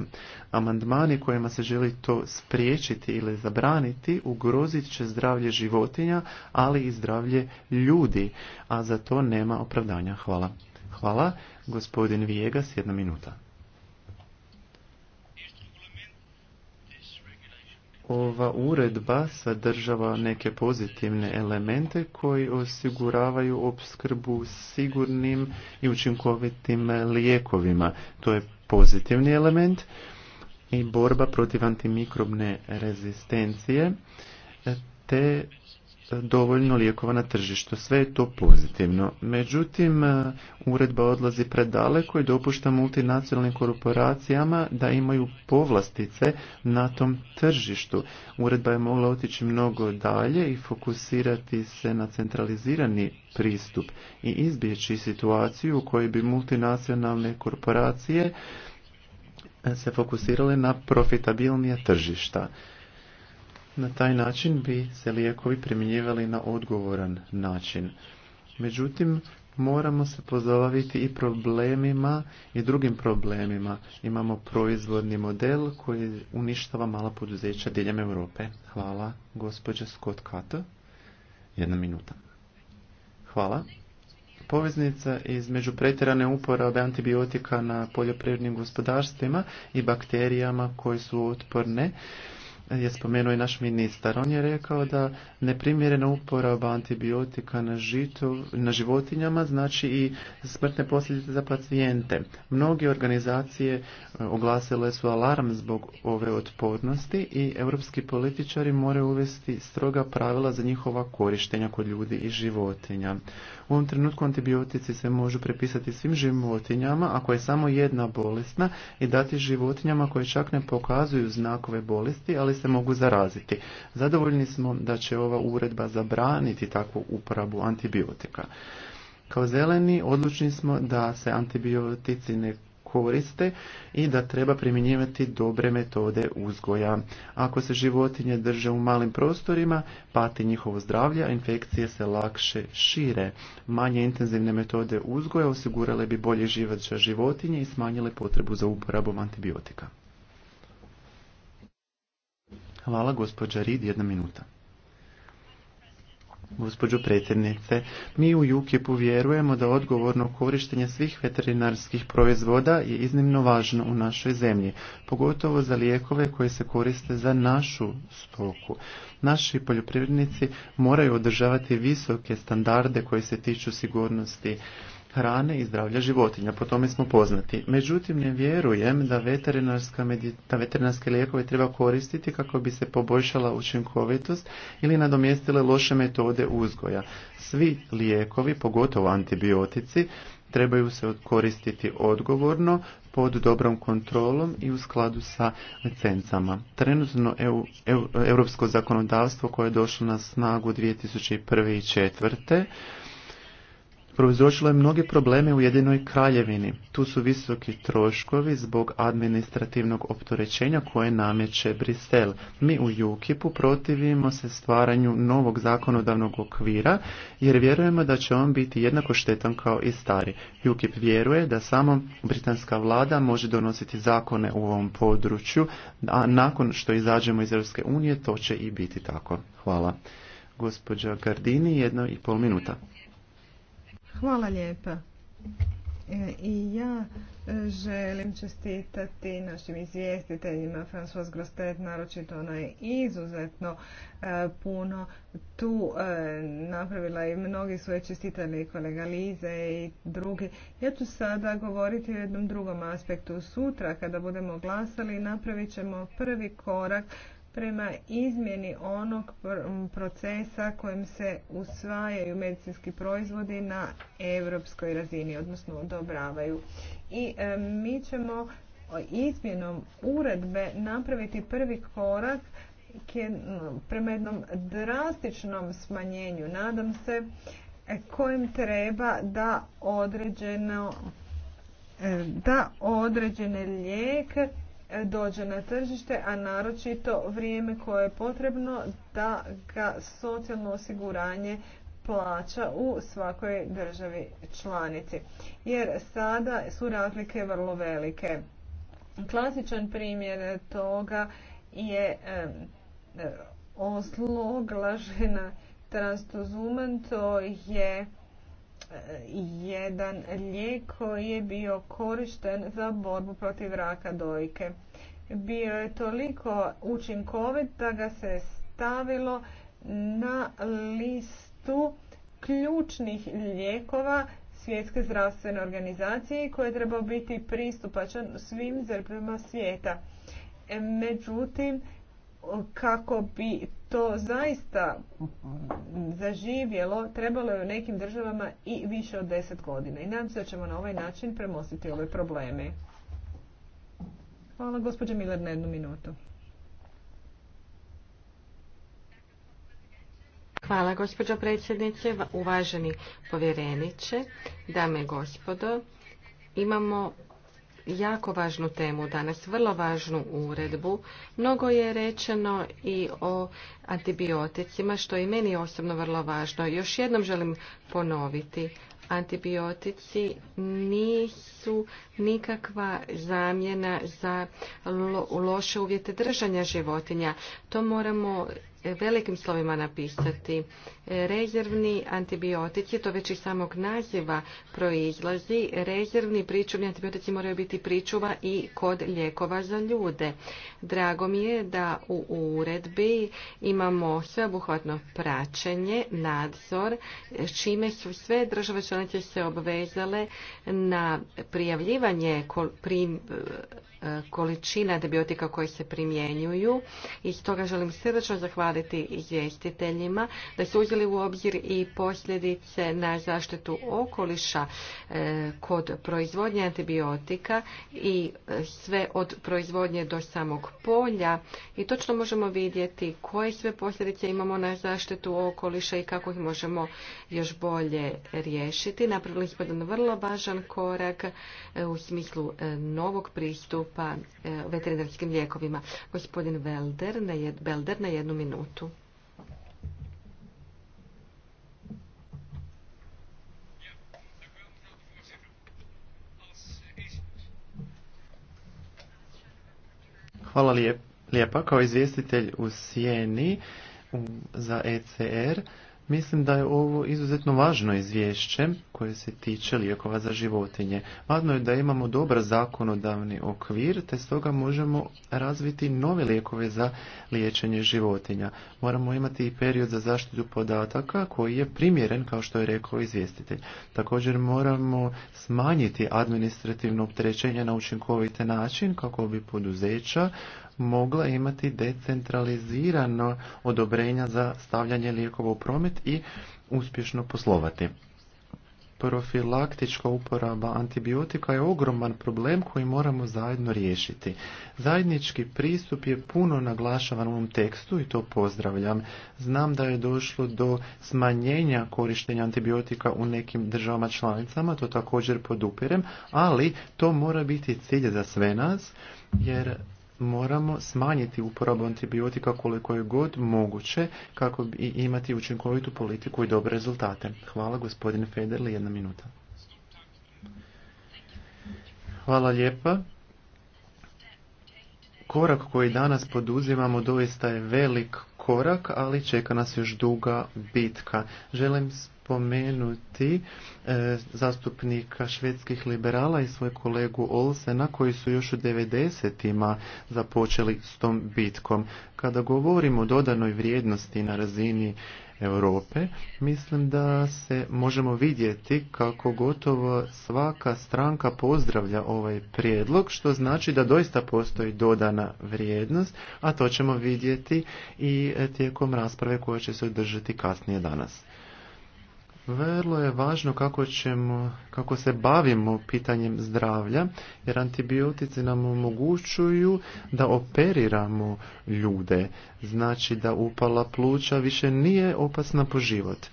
Amandmani kojima se želi to spriječiti ili zabraniti ugrozit će zdravlje životinja, ali i zdravlje ljudi, a za to nema opravdanja. Hvala. Hvala, gospodin Vijegas, jedna minuta. ova uredba sadržava neke pozitivne elemente koji osiguravaju opskrbu sigurnim i učinkovitim lijekovima. To je pozitivni element i borba protiv antimikrobne rezistencije te dovoljno lijekova na tržištu. Sve je to pozitivno. Međutim, e, uredba odlazi predaleko i dopušta multinacionalnim korporacijama da imaju povlastice na tom tržištu. Uredba je mogla otići mnogo dalje i fokusirati se na centralizirani pristup i izbjeći situaciju u kojoj bi multinacionalne korporacije se fokusirale na profitabilnija tržišta. Na taj način bi se lijekovi primjenjivali na odgovoran način. Međutim, moramo se pozabaviti i problemima i drugim problemima. Imamo proizvodni model koji uništava mala poduzeća diljem Europe. Hvala, gospođa Scott Cato. Jedna minuta. Hvala. Poveznica između pretjerane uporabe antibiotika na poljoprivrednim gospodarstvima i bakterijama koje su otporne je spomenuo i naš ministar. On je rekao da neprimjerena uporaba antibiotika na, na životinjama znači i smrtne posljedice za pacijente. Mnoge organizacije e, oglasile su alarm zbog ove otpornosti i europski političari moraju uvesti stroga pravila za njihova korištenja kod ljudi i životinja. U ovom trenutku antibiotici se možu prepisati svim životinjama ako je samo jedna bolesna i dati životinjama koje čak ne pokazuju znakove bolesti, ali se mogu zaraziti. Zadovoljni smo da će ova uredba zabraniti takvu uporabu antibiotika. Kao zeleni odlučni smo da se antibiotici ne koriste i da treba primjenjivati dobre metode uzgoja. Ako se životinje drže u malim prostorima, pati njihovo zdravlje, a infekcije se lakše šire. Manje intenzivne metode uzgoja osigurale bi bolje život za životinje i smanjile potrebu za uporabom antibiotika. Hvala gospođa Rid, jedna minuta. Gospođo predsjednice, mi u UKIP-u vjerujemo da odgovorno korištenje svih veterinarskih proizvoda je iznimno važno u našoj zemlji, pogotovo za lijekove koje se koriste za našu stoku. Naši poljoprivrednici moraju održavati visoke standarde koje se tiču sigurnosti hrane i zdravlja životinja, po tome smo poznati. Međutim, ne vjerujem da, veterinarske lijekove treba koristiti kako bi se poboljšala učinkovitost ili nadomjestile loše metode uzgoja. Svi lijekovi, pogotovo antibiotici, trebaju se koristiti odgovorno, pod dobrom kontrolom i u skladu sa licencama. Trenutno EU, europsko zakonodavstvo koje je došlo na snagu 2001. i 2004 prouzročilo je mnoge probleme u jedinoj kraljevini. Tu su visoki troškovi zbog administrativnog opterećenja koje nameće Brisel. Mi u ukip protivimo se stvaranju novog zakonodavnog okvira jer vjerujemo da će on biti jednako štetan kao i stari. UKIP vjeruje da samo britanska vlada može donositi zakone u ovom području, a nakon što izađemo iz Europske unije to će i biti tako. Hvala. Gospođa Gardini, jedno i pol minuta. Hvala lijepa. E, I ja e, želim čestitati našim izvjestiteljima François Grostet, naročito ona je izuzetno e, puno tu napravila i mnogi su je čestitali kolega Lize i drugi. Ja ću sada govoriti o jednom drugom aspektu. Sutra kada budemo glasali napravit ćemo prvi korak prema izmjeni onog procesa kojim se usvajaju medicinski proizvodi na europskoj razini, odnosno odobravaju. I e, mi ćemo izmjenom uredbe napraviti prvi korak prema jednom drastičnom smanjenju, nadam se, e, kojim treba da određeno e, da određene lijek dođe na tržište, a naročito vrijeme koje je potrebno da ga socijalno osiguranje plaća u svakoj državi članici. Jer sada su razlike vrlo velike. Klasičan primjer toga je e, osloglažena transtozuman, to je jedan lijek koji je bio korišten za borbu protiv raka dojke. Bio je toliko učinkovit da ga se stavilo na listu ključnih lijekova Svjetske zdravstvene organizacije koje je trebao biti pristupačan svim zrpima svijeta. Međutim, kako bi to zaista zaživjelo, trebalo je u nekim državama i više od deset godina. I nadam se da ćemo na ovaj način premostiti ove probleme. Hvala gospođa Miller na jednu minutu. Hvala gospođo predsjednice, uvaženi povjereniče, dame i gospodo. Imamo jako važnu temu danas, vrlo važnu uredbu. Mnogo je rečeno i o antibioticima, što je i meni osobno vrlo važno. Još jednom želim ponoviti, antibiotici nisu nikakva zamjena za loše uvjete držanja životinja. To moramo velikim slovima napisati. Rezervni antibiotici, to već iz samog naziva proizlazi, rezervni pričuvni antibiotici moraju biti pričuva i kod lijekova za ljude. Drago mi je da u uredbi imamo sveobuhvatno praćenje, nadzor, čime su sve države članice se obvezale na prijavljivanje količina antibiotika koje se primjenjuju i stoga želim srdečno zahvaliti izvjestiteljima da su uzeli u obzir i posljedice na zaštitu okoliša e, kod proizvodnje antibiotika i sve od proizvodnje do samog polja i točno možemo vidjeti koje sve posljedice imamo na zaštitu okoliša i kako ih možemo još bolje riješiti. Napravili smo jedan vrlo važan korak e, u smislu e, novog pristupa pristupa e, veterinarskim lijekovima. Gospodin Belder na, Belder na jednu minutu. Hvala lijepa. Kao izvjestitelj u Sijeni za ECR Mislim da je ovo izuzetno važno izvješće koje se tiče lijekova za životinje. Važno je da imamo dobar zakonodavni okvir, te stoga možemo razviti nove lijekove za liječenje životinja. Moramo imati i period za zaštitu podataka koji je primjeren, kao što je rekao izvjestitelj. Također moramo smanjiti administrativno opterećenje na učinkovite način kako bi poduzeća mogla imati decentralizirano odobrenja za stavljanje lijekova u promet i uspješno poslovati. Profilaktička uporaba antibiotika je ogroman problem koji moramo zajedno riješiti. Zajednički pristup je puno naglašavan u ovom tekstu i to pozdravljam. Znam da je došlo do smanjenja korištenja antibiotika u nekim državama članicama, to također podupirem, ali to mora biti cilj za sve nas jer moramo smanjiti uporabu antibiotika koliko je god moguće kako bi imati učinkovitu politiku i dobre rezultate. Hvala gospodine Federli, jedna minuta. Hvala lijepa. Korak koji danas poduzimamo doista je velik korak, ali čeka nas još duga bitka. Želim spomenuti e, zastupnika švedskih liberala i svoj kolegu Olsena koji su još u 90 započeli s tom bitkom. Kada govorimo o dodanoj vrijednosti na razini Europe, mislim da se možemo vidjeti kako gotovo svaka stranka pozdravlja ovaj prijedlog, što znači da doista postoji dodana vrijednost, a to ćemo vidjeti i tijekom rasprave koja će se održati kasnije danas. Vrlo je važno kako, ćemo, kako se bavimo pitanjem zdravlja, jer antibiotici nam omogućuju da operiramo ljude, znači da upala pluća više nije opasna po život.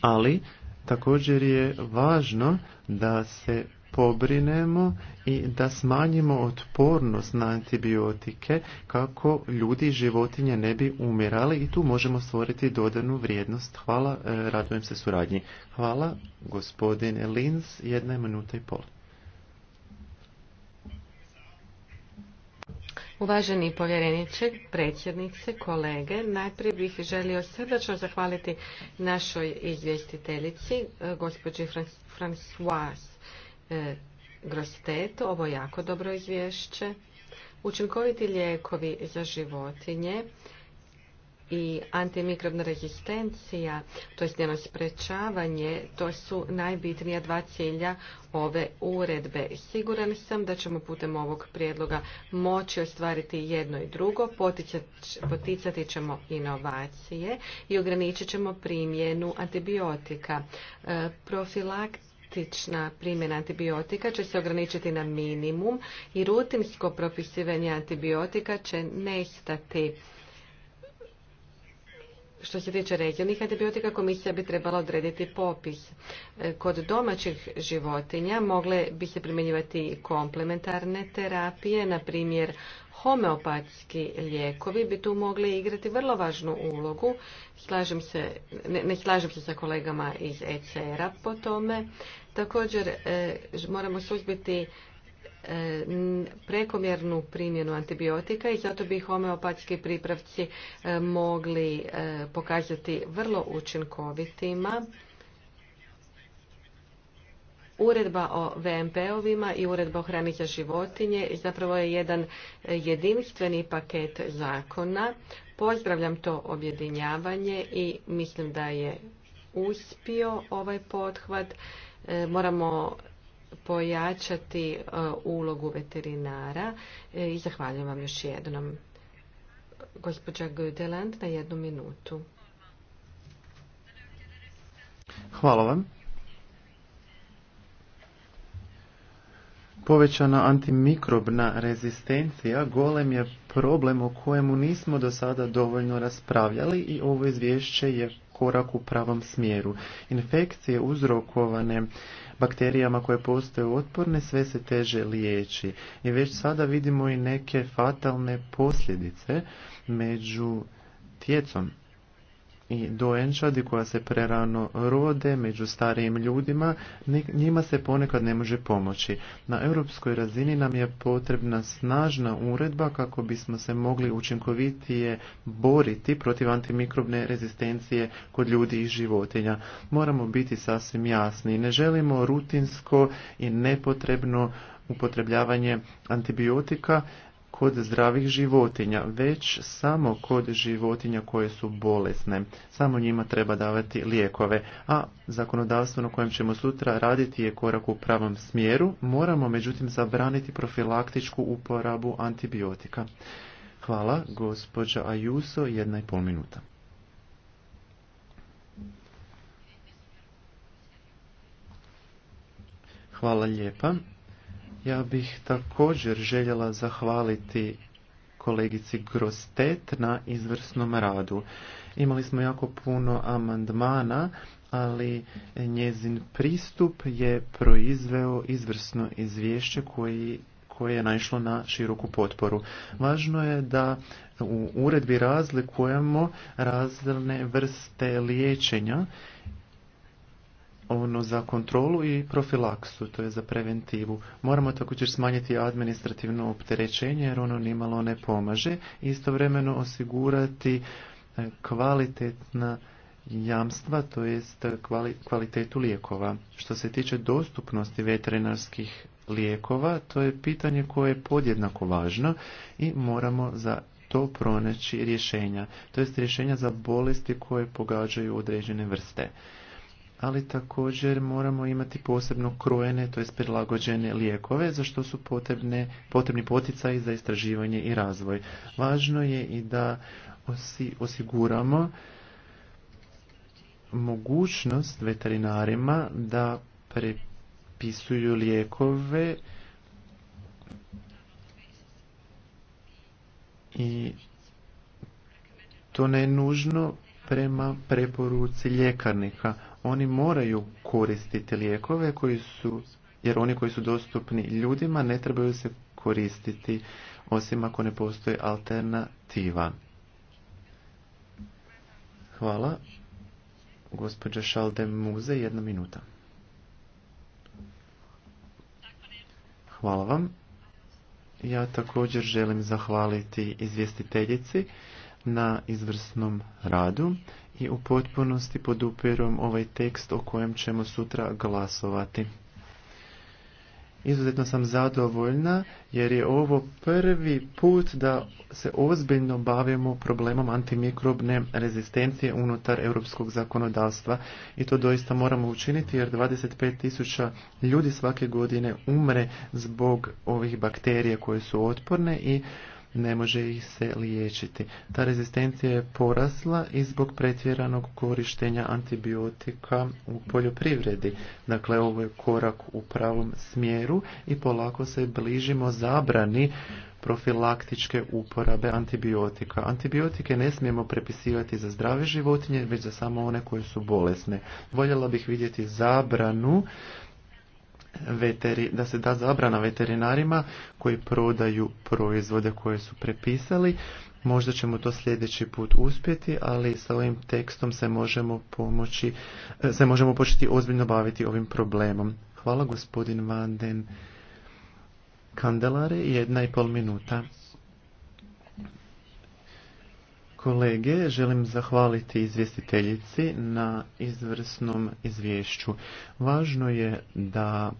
Ali također je važno da se pobrinemo i da smanjimo otpornost na antibiotike kako ljudi i životinje ne bi umirali i tu možemo stvoriti dodanu vrijednost. Hvala, e, radujem se suradnji. Hvala, gospodine Linz, jedna minuta i pol. Uvaženi povjereniče, predsjednice, kolege, najprije bih želio srdačno zahvaliti našoj izvjestiteljici, e, gospođi Françoise E, grositetu. ovo je jako dobro izvješće. Učinkoviti lijekovi za životinje i antimikrobna rezistencija, to je njeno sprečavanje, to su najbitnija dva cilja ove uredbe. Siguran sam da ćemo putem ovog prijedloga moći ostvariti jedno i drugo, poticati ćemo inovacije i ograničit ćemo primjenu antibiotika. E, Profilakt praktična primjena antibiotika će se ograničiti na minimum i rutinsko propisivanje antibiotika će nestati. Što se tiče regionalnih antibiotika, komisija bi trebala odrediti popis. E, kod domaćih životinja mogle bi se primjenjivati komplementarne terapije, na primjer homeopatski lijekovi bi tu mogli igrati vrlo važnu ulogu. Slažem se, ne, ne slažem se sa kolegama iz ECR-a po tome. Također e, moramo suzbiti e, prekomjernu primjenu antibiotika i zato bi homeopatski pripravci e, mogli pokazati vrlo učinkovitima. Uredba o VMP-ovima i uredba o hrani za životinje zapravo je jedan jedinstveni paket zakona. Pozdravljam to objedinjavanje i mislim da je uspio ovaj pothvat. E, moramo pojačati e, ulogu veterinara e, i zahvaljujem vam još jednom. Gospođa Gudeland na jednu minutu. Hvala vam. Povećana antimikrobna rezistencija golem je problem o kojemu nismo do sada dovoljno raspravljali i ovo izvješće je korak u pravom smjeru. Infekcije uzrokovane bakterijama koje postaju otporne sve se teže liječi i već sada vidimo i neke fatalne posljedice među tjecom i dojenčadi koja se prerano rode među starijim ljudima, njima se ponekad ne može pomoći. Na europskoj razini nam je potrebna snažna uredba kako bismo se mogli učinkovitije boriti protiv antimikrobne rezistencije kod ljudi i životinja. Moramo biti sasvim jasni. Ne želimo rutinsko i nepotrebno upotrebljavanje antibiotika kod zdravih životinja, već samo kod životinja koje su bolesne. Samo njima treba davati lijekove, a zakonodavstvo na kojem ćemo sutra raditi je korak u pravom smjeru. Moramo međutim zabraniti profilaktičku uporabu antibiotika. Hvala, gospođa Ajuso, jedna i pol minuta. Hvala lijepa. Ja bih također željela zahvaliti kolegici Grostet na izvrsnom radu. Imali smo jako puno amandmana, ali njezin pristup je proizveo izvrsno izvješće koji koje je naišlo na široku potporu. Važno je da u uredbi razlikujemo razne vrste liječenja ono za kontrolu i profilaksu, to je za preventivu. Moramo također smanjiti administrativno opterećenje jer ono nimalo ne pomaže i istovremeno osigurati e, kvalitetna jamstva, to jest kvalitetu lijekova. Što se tiče dostupnosti veterinarskih lijekova, to je pitanje koje je podjednako važno i moramo za to pronaći rješenja, to jest rješenja za bolesti koje pogađaju određene vrste ali također moramo imati posebno krojene, to je prilagođene lijekove, za što su potrebne, potrebni poticaji za istraživanje i razvoj. Važno je i da osiguramo mogućnost veterinarima da prepisuju lijekove i to ne je nužno prema preporuci ljekarnika oni moraju koristiti lijekove koji su, jer oni koji su dostupni ljudima ne trebaju se koristiti osim ako ne postoji alternativa. Hvala. Gospođa Šalde Muze, jedna minuta. Hvala vam. Ja također želim zahvaliti izvjestiteljici na izvrsnom radu i u potpunosti podupirujem ovaj tekst o kojem ćemo sutra glasovati. Izuzetno sam zadovoljna jer je ovo prvi put da se ozbiljno bavimo problemom antimikrobne rezistencije unutar europskog zakonodavstva i to doista moramo učiniti jer 25 tisuća ljudi svake godine umre zbog ovih bakterija koje su otporne i ne može ih se liječiti. Ta rezistencija je porasla i zbog pretjeranog korištenja antibiotika u poljoprivredi. Dakle, ovo je korak u pravom smjeru i polako se bližimo zabrani profilaktičke uporabe antibiotika. Antibiotike ne smijemo prepisivati za zdrave životinje, već za samo one koje su bolesne. Voljela bih vidjeti zabranu veteri, da se da zabrana veterinarima koji prodaju proizvode koje su prepisali. Možda ćemo to sljedeći put uspjeti, ali sa ovim tekstom se možemo pomoći, e, se možemo početi ozbiljno baviti ovim problemom. Hvala gospodin Vanden Kandelare, jedna i pol minuta kolege, želim zahvaliti izvjestiteljici na izvrsnom izvješću. Važno je da e,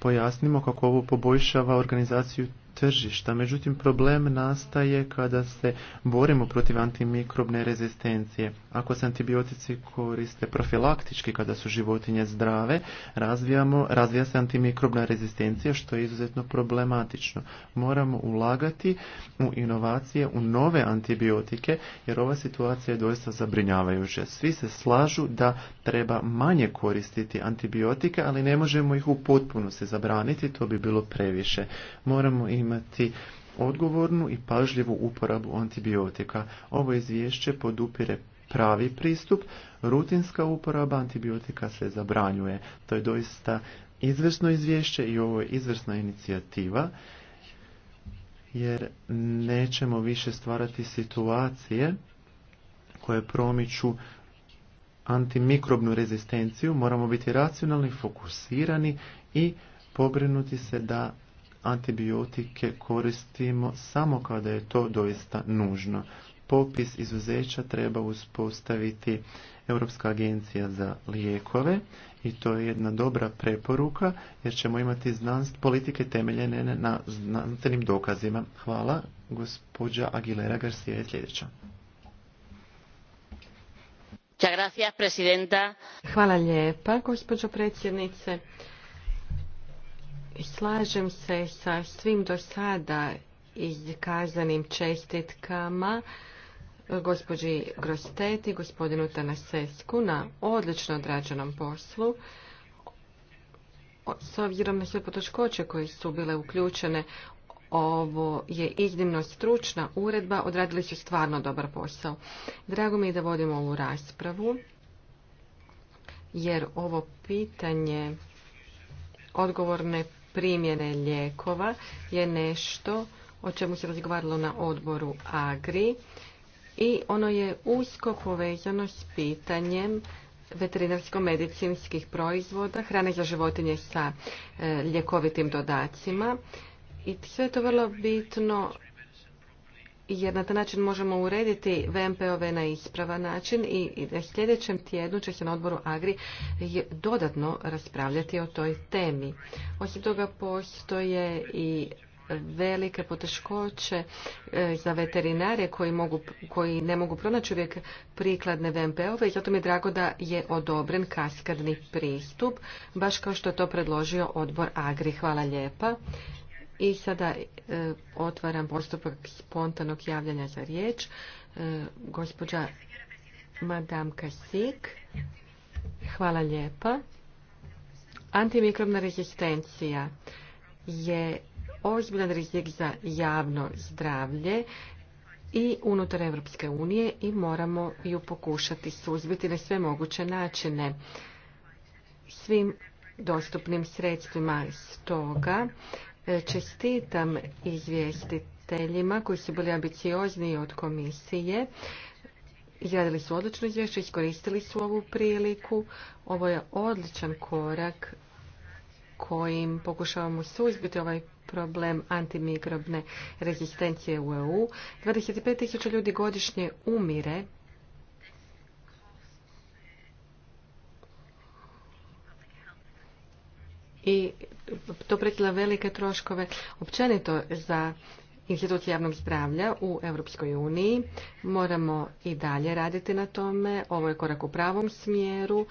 pojasnimo kako ovo poboljšava organizaciju tržišta. Međutim, problem nastaje kada se borimo protiv antimikrobne rezistencije. Ako se antibiotici koriste profilaktički kada su životinje zdrave, razvijamo, razvija se antimikrobna rezistencija što je izuzetno problematično. Moramo ulagati u inovacije, u nove antibiotike jer ova situacija je doista zabrinjavajuća. Svi se slažu da treba manje koristiti antibiotike, ali ne možemo ih u potpunosti zabraniti, to bi bilo previše. Moramo i imati odgovornu i pažljivu uporabu antibiotika. Ovo izvješće podupire pravi pristup, rutinska uporaba antibiotika se zabranjuje. To je doista izvrsno izvješće i ovo je izvrsna inicijativa jer nećemo više stvarati situacije koje promiču antimikrobnu rezistenciju, moramo biti racionalni, fokusirani i pobrinuti se da antibiotike koristimo samo kada je to doista nužno. Popis izuzeća treba uspostaviti Europska agencija za lijekove i to je jedna dobra preporuka jer ćemo imati znanst, politike temeljene na znanstvenim dokazima. Hvala. Gospođa Aguilera Garcia je sljedeća. Hvala lijepa, gospođo predsjednice. Slažem se sa svim do sada izkazanim čestitkama eh, gospođi Grosteti, gospodinu Tanasesku na odlično odrađenom poslu. S obzirom na sve poteškoće koje su bile uključene, ovo je iznimno stručna uredba, odradili su stvarno dobar posao. Drago mi je da vodimo ovu raspravu, jer ovo pitanje odgovorne primjene lijekova je nešto o čemu se razgovaralo na odboru Agri i ono je usko povezano s pitanjem veterinarsko-medicinskih proizvoda, hrane za životinje sa e, ljekovitim dodacima. I sve je to vrlo bitno jer na taj način možemo urediti VMP-ove na ispravan način i na sljedećem tjednu će se na odboru Agri dodatno raspravljati o toj temi. Osim toga postoje i velike poteškoće e, za veterinare koji, mogu, koji ne mogu pronaći uvijek prikladne VMP-ove i zato mi je drago da je odobren kaskadni pristup, baš kao što je to predložio odbor Agri. Hvala lijepa. I sada e, otvaram postupak spontanog javljanja za riječ. E, gospođa Madame Kasik. Hvala lijepa. Antimikrobna rezistencija je ozbiljan rizik za javno zdravlje i unutar Europske unije i moramo ju pokušati suzbiti na sve moguće načine svim dostupnim sredstvima stoga E, čestitam izvjestiteljima koji su bili ambiciozniji od komisije. Izradili su odlično izvješće, iskoristili su ovu priliku. Ovo je odličan korak kojim pokušavamo suzbiti ovaj problem antimikrobne rezistencije u EU. 25.000 ljudi godišnje umire i to pretila velike troškove općenito za institut javnog zdravlja u Europskoj uniji. Moramo i dalje raditi na tome. Ovo je korak u pravom smjeru,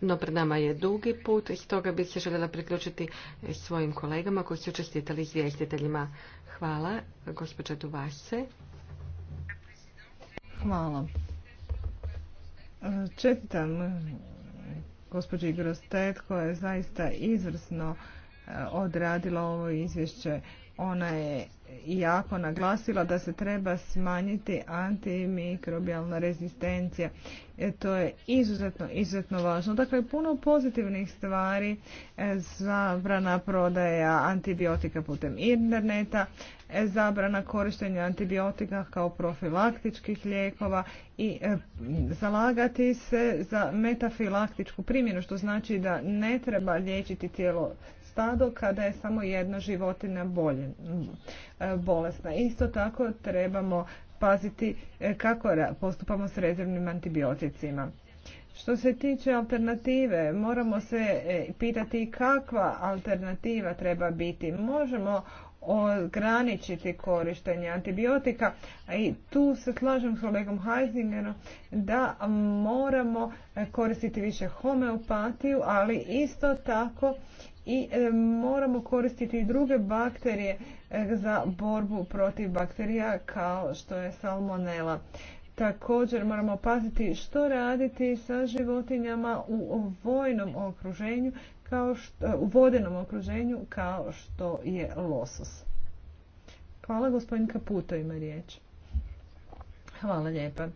no pred nama je dugi put i stoga bi se željela priključiti svojim kolegama koji su čestitali izvjestiteljima. Hvala, gospođa Duvase. Hvala. Čestitam gospođi Grostet koja je zaista izvrsno e, odradila ovo izvješće. Ona je jako naglasila da se treba smanjiti antimikrobijalna rezistencija. E, to je izuzetno, izuzetno važno. Dakle, puno pozitivnih stvari e, zabrana prodaja antibiotika putem interneta, e, zabrana korištenja antibiotika kao profilaktičkih lijekova i zalagati se za metafilaktičku primjenu, što znači da ne treba liječiti tijelo stado kada je samo jedna životina bolje, e, bolesna. Isto tako trebamo paziti e, kako postupamo s rezervnim antibioticima. Što se tiče alternative, moramo se e, pitati kakva alternativa treba biti. Možemo ograničiti korištenje antibiotika i tu se slažem s kolegom Heisingerom da moramo koristiti više homeopatiju, ali isto tako i e, moramo koristiti i druge bakterije e, za borbu protiv bakterija kao što je salmonela. Također moramo paziti što raditi sa životinjama u vojnom okruženju kao što, e, u vodenom okruženju kao što je losos. Hvala gospodin Kaputo ima riječ. Hvala lijepa.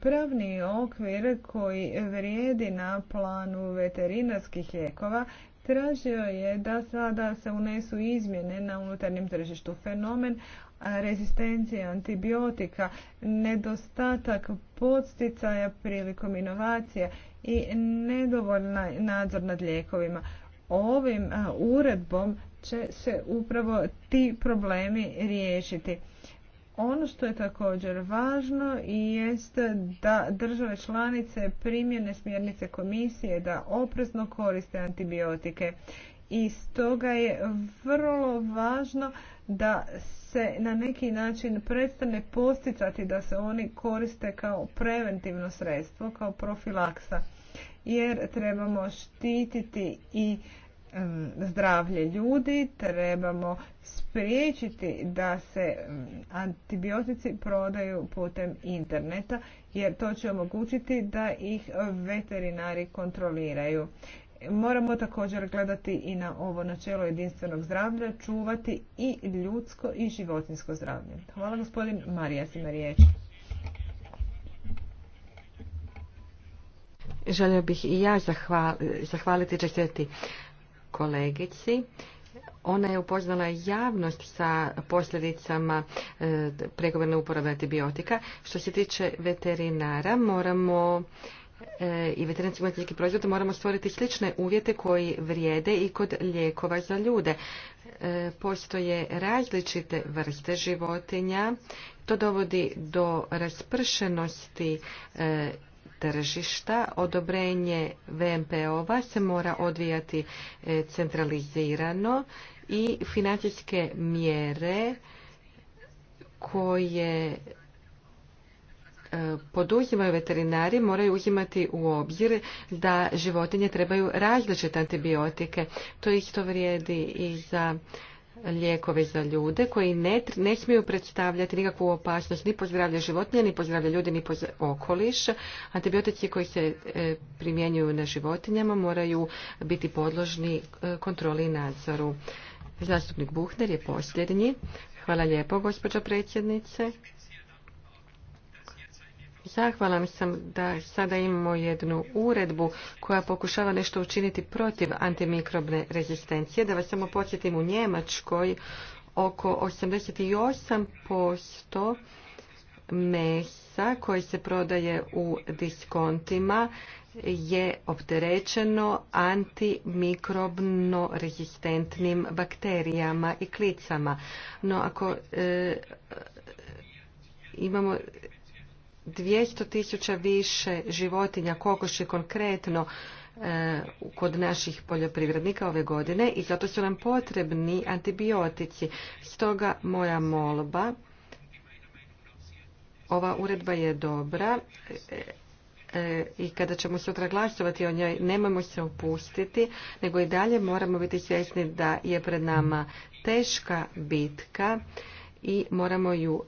Pravni okvir koji vrijedi na planu veterinarskih lijekova tražio je da sada se unesu izmjene na unutarnjem tržištu. Fenomen rezistencije antibiotika, nedostatak podsticaja prilikom inovacija i nedovoljna nadzor nad lijekovima. Ovim uredbom će se upravo ti problemi riješiti. Ono što je također važno jeste da države članice primjene smjernice komisije da oprezno koriste antibiotike. I stoga je vrlo važno da se na neki način prestane posticati da se oni koriste kao preventivno sredstvo, kao profilaksa. Jer trebamo štititi i Mm, zdravlje ljudi, trebamo spriječiti da se mm, antibiotici prodaju putem interneta jer to će omogućiti da ih veterinari kontroliraju. Moramo također gledati i na ovo načelo jedinstvenog zdravlja, čuvati i ljudsko i životinsko zdravlje. Hvala gospodin marija Simarijeć. Želio bih i ja zahvaliti, zahvaliti čestiti kolegici. Ona je upoznala javnost sa posljedicama e, pregovorne uporabe antibiotika. Što se tiče veterinara, moramo e, i veterinarski medicinskih proizvoda moramo stvoriti slične uvjete koji vrijede i kod lijekova za ljude. E, postoje različite vrste životinja. To dovodi do raspršenosti tržišta. Odobrenje VMP-ova se mora odvijati e, centralizirano i financijske mjere koje e, poduzimaju veterinari moraju uzimati u obzir da životinje trebaju različite antibiotike. To isto vrijedi i za lijekove za ljude koji ne, ne smiju predstavljati nikakvu opasnost ni po zdravlje životinja, ni pozdravlja zdravlje ljudi, ni po okoliš. Antibiotici koji se e, primjenjuju na životinjama moraju biti podložni e, kontroli i nadzoru. Zastupnik Buhner je posljednji. Hvala lijepo, gospođo predsjednice. Zahvalan sam da sada imamo jednu uredbu koja pokušava nešto učiniti protiv antimikrobne rezistencije. Da vas samo podsjetim u Njemačkoj oko 88% mesa koje se prodaje u diskontima je opterećeno antimikrobno rezistentnim bakterijama i klicama. No ako e, imamo 200 tisuća više životinja kokoši konkretno e, kod naših poljoprivrednika ove godine i zato su nam potrebni antibiotici. Stoga moja molba, ova uredba je dobra e, e, i kada ćemo sutra glasovati o njoj, nemojmo se opustiti, nego i dalje moramo biti svjesni da je pred nama teška bitka i moramo ju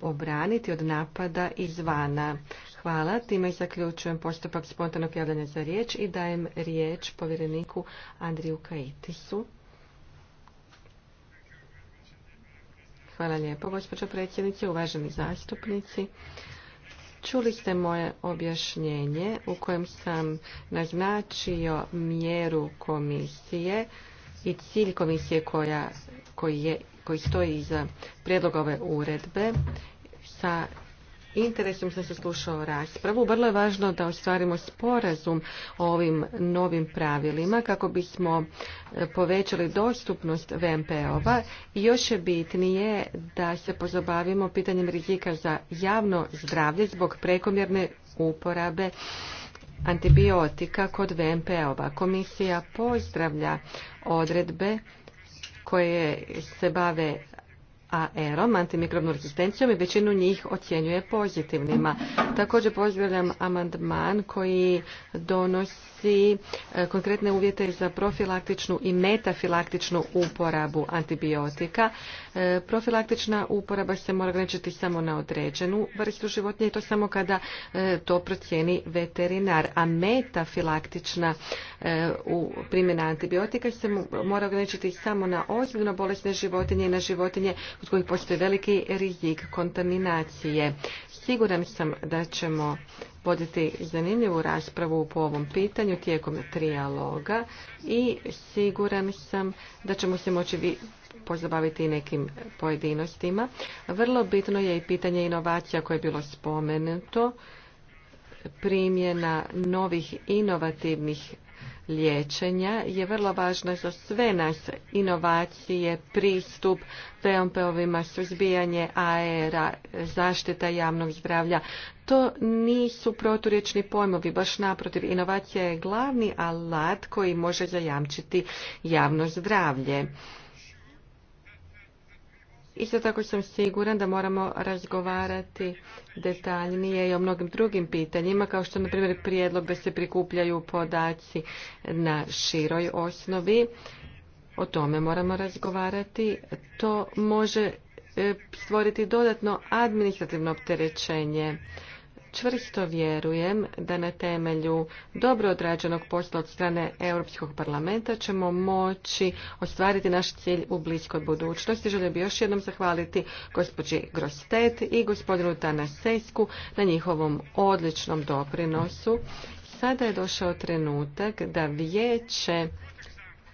obraniti od napada izvana. Hvala. Time zaključujem postupak spontanog javljanja za riječ i dajem riječ povjereniku Andriju Kaitisu. Hvala lijepo, gospođo predsjednice, uvaženi zastupnici. Čuli ste moje objašnjenje u kojem sam naznačio mjeru komisije i cilj komisije koja, koji je koji stoji iza prijedloga ove uredbe. Sa interesom sam se slušao raspravu. Vrlo je važno da ostvarimo sporazum o ovim novim pravilima kako bismo e, povećali dostupnost VMP-ova još je bitnije da se pozabavimo pitanjem rizika za javno zdravlje zbog prekomjerne uporabe antibiotika kod VMP-ova. Komisija pozdravlja odredbe koje se bave AR-om, antimikrobnu rezistencijom i većinu njih ocjenjuje pozitivnima. Također pozdravljam amandman koji donosi e, konkretne uvjete za profilaktičnu i metafilaktičnu uporabu antibiotika. E, profilaktična uporaba se mora ograničiti samo na određenu vrstu životinje i to samo kada e, to procijeni veterinar, a metafilaktična primjena antibiotika se mora ograničiti samo na ozbiljno bolesne životinje i na životinje od kojih postoji veliki rizik kontaminacije. Siguran sam da ćemo voditi zanimljivu raspravu po ovom pitanju tijekom trijaloga i siguran sam da ćemo se moći pozabaviti i nekim pojedinostima. Vrlo bitno je i pitanje inovacija koje je bilo spomenuto, primjena novih inovativnih liječenja je vrlo važna za sve nas inovacije, pristup vmp ovima suzbijanje aera, e zaštita javnog zdravlja. To nisu proturječni pojmovi, baš naprotiv. Inovacija je glavni alat koji može zajamčiti javno zdravlje. Isto tako sam siguran da moramo razgovarati detaljnije i o mnogim drugim pitanjima, kao što na primjer prijedlog da se prikupljaju podaci na široj osnovi. O tome moramo razgovarati. To može e, stvoriti dodatno administrativno opterećenje Čvrsto vjerujem da na temelju dobro odrađenog posla od strane Europskog parlamenta ćemo moći ostvariti naš cilj u bliskoj budućnosti. Želim bi još jednom zahvaliti gospođi Grostet i gospodinu Tanasesku na njihovom odličnom doprinosu. Sada je došao trenutak da vijeće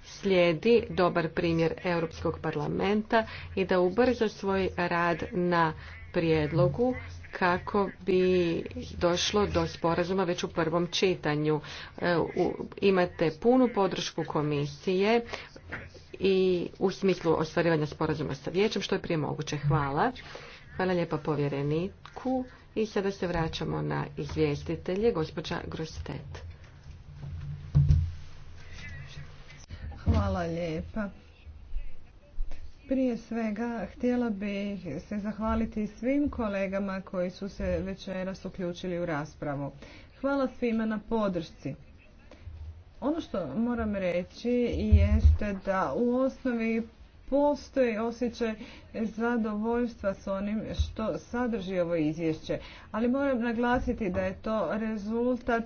slijedi dobar primjer Europskog parlamenta i da ubrza svoj rad na prijedlogu kako bi došlo do sporazuma već u prvom čitanju. E, imate punu podršku komisije i u smislu ostvarivanja sporazuma sa vijećem što je prije moguće. Hvala. Hvala lijepa povjereniku. I sada se vraćamo na izvjestitelje, gospođa Grostet. Hvala lijepa. Prije svega htjela bih se zahvaliti svim kolegama koji su se večeras uključili u raspravu. Hvala svima na podršci. Ono što moram reći jeste da u osnovi postoji osjećaj zadovoljstva s onim što sadrži ovo izvješće. Ali moram naglasiti da je to rezultat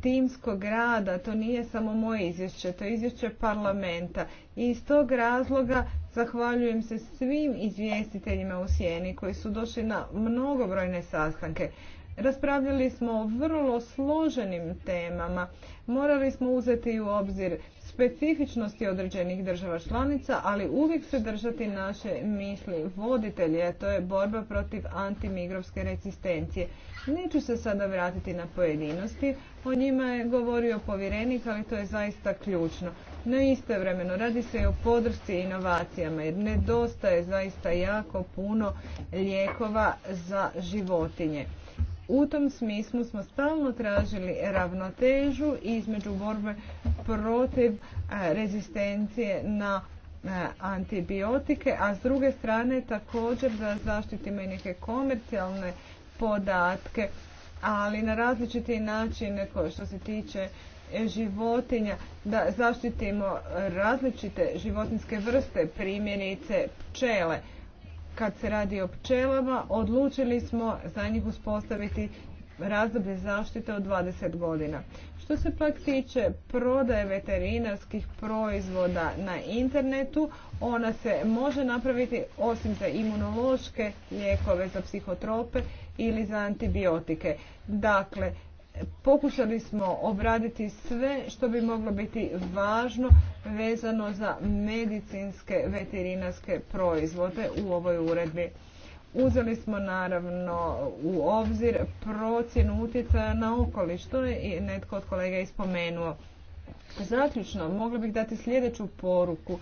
timskog rada, to nije samo moje izvješće, to je izvješće parlamenta. I iz tog razloga zahvaljujem se svim izvjestiteljima u Sjeni koji su došli na mnogobrojne sastanke. Raspravljali smo o vrlo složenim temama, morali smo uzeti u obzir specifičnosti određenih država članica, ali uvijek se držati naše misli voditelje, a to je borba protiv antimigrovske rezistencije. Neću se sada vratiti na pojedinosti, o njima je govorio povjerenik, ali to je zaista ključno. No vremeno radi se i o podršci i inovacijama, jer nedostaje zaista jako puno lijekova za životinje. U tom smislu smo stalno tražili ravnotežu između borbe protiv e, rezistencije na e, antibiotike, a s druge strane također da zaštitimo i neke komercijalne podatke, ali na različiti način što se tiče životinja, da zaštitimo različite životinske vrste, primjerice pčele kad se radi o pčelama, odlučili smo za njih uspostaviti razdoblje zaštite od 20 godina. Što se pak tiče prodaje veterinarskih proizvoda na internetu, ona se može napraviti osim za imunološke lijekove, za psihotrope ili za antibiotike. Dakle, Pokušali smo obraditi sve što bi moglo biti važno vezano za medicinske veterinarske proizvode u ovoj uredbi. Uzeli smo naravno u obzir procjenu utjecaja na okoliš, što je netko od kolega ispomenuo. Zaključno, mogli bih dati sljedeću poruku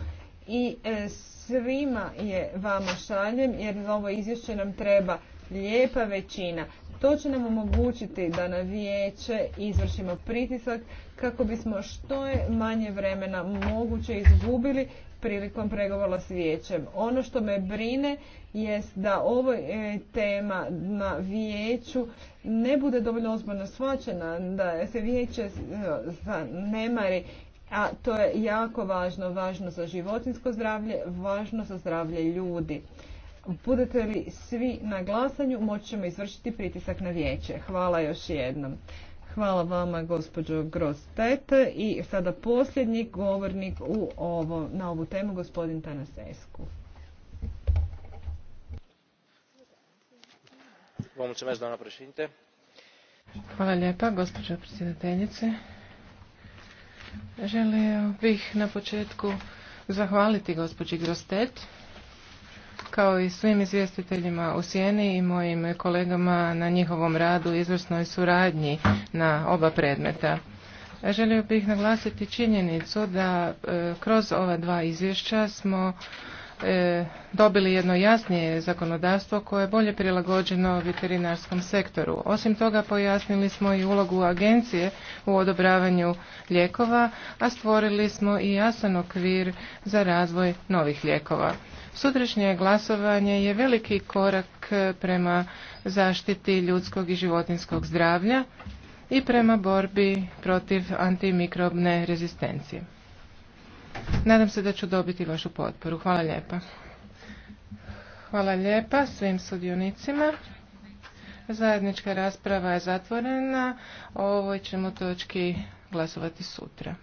i e, svima je vama šaljem jer za ovo izvješće nam treba lijepa većina. To će nam omogućiti da na vijeće izvršimo pritisak kako bismo što je manje vremena moguće izgubili prilikom pregovora s vijećem. Ono što me brine jest da ovo e, tema na vijeću ne bude dovoljno ozbiljno shvaćena, da se vijeće e, zanemari, a to je jako važno, važno za životinsko zdravlje, važno za zdravlje ljudi. Budete li svi na glasanju, moći ćemo izvršiti pritisak na vijeće. Hvala još jednom. Hvala vama, gospođo Grostet. I sada posljednji govornik u ovo, na ovu temu, gospodin Tanasescu. Hvala lijepa, gospođo predsjedateljice. Želio bih na početku zahvaliti gospođi Grostet kao i svim izvjestiteljima u Sjeni i mojim kolegama na njihovom radu i izvrsnoj suradnji na oba predmeta. Želio bih naglasiti činjenicu da e, kroz ova dva izvješća smo E, dobili jedno jasnije zakonodavstvo koje je bolje prilagođeno veterinarskom sektoru. Osim toga pojasnili smo i ulogu agencije u odobravanju lijekova, a stvorili smo i jasan okvir za razvoj novih lijekova. Sutrašnje glasovanje je veliki korak prema zaštiti ljudskog i životinskog zdravlja i prema borbi protiv antimikrobne rezistencije. Nadam se da ću dobiti vašu potporu. Hvala lijepa. Hvala lijepa svim sudionicima. Zajednička rasprava je zatvorena. O ovoj ćemo točki glasovati sutra.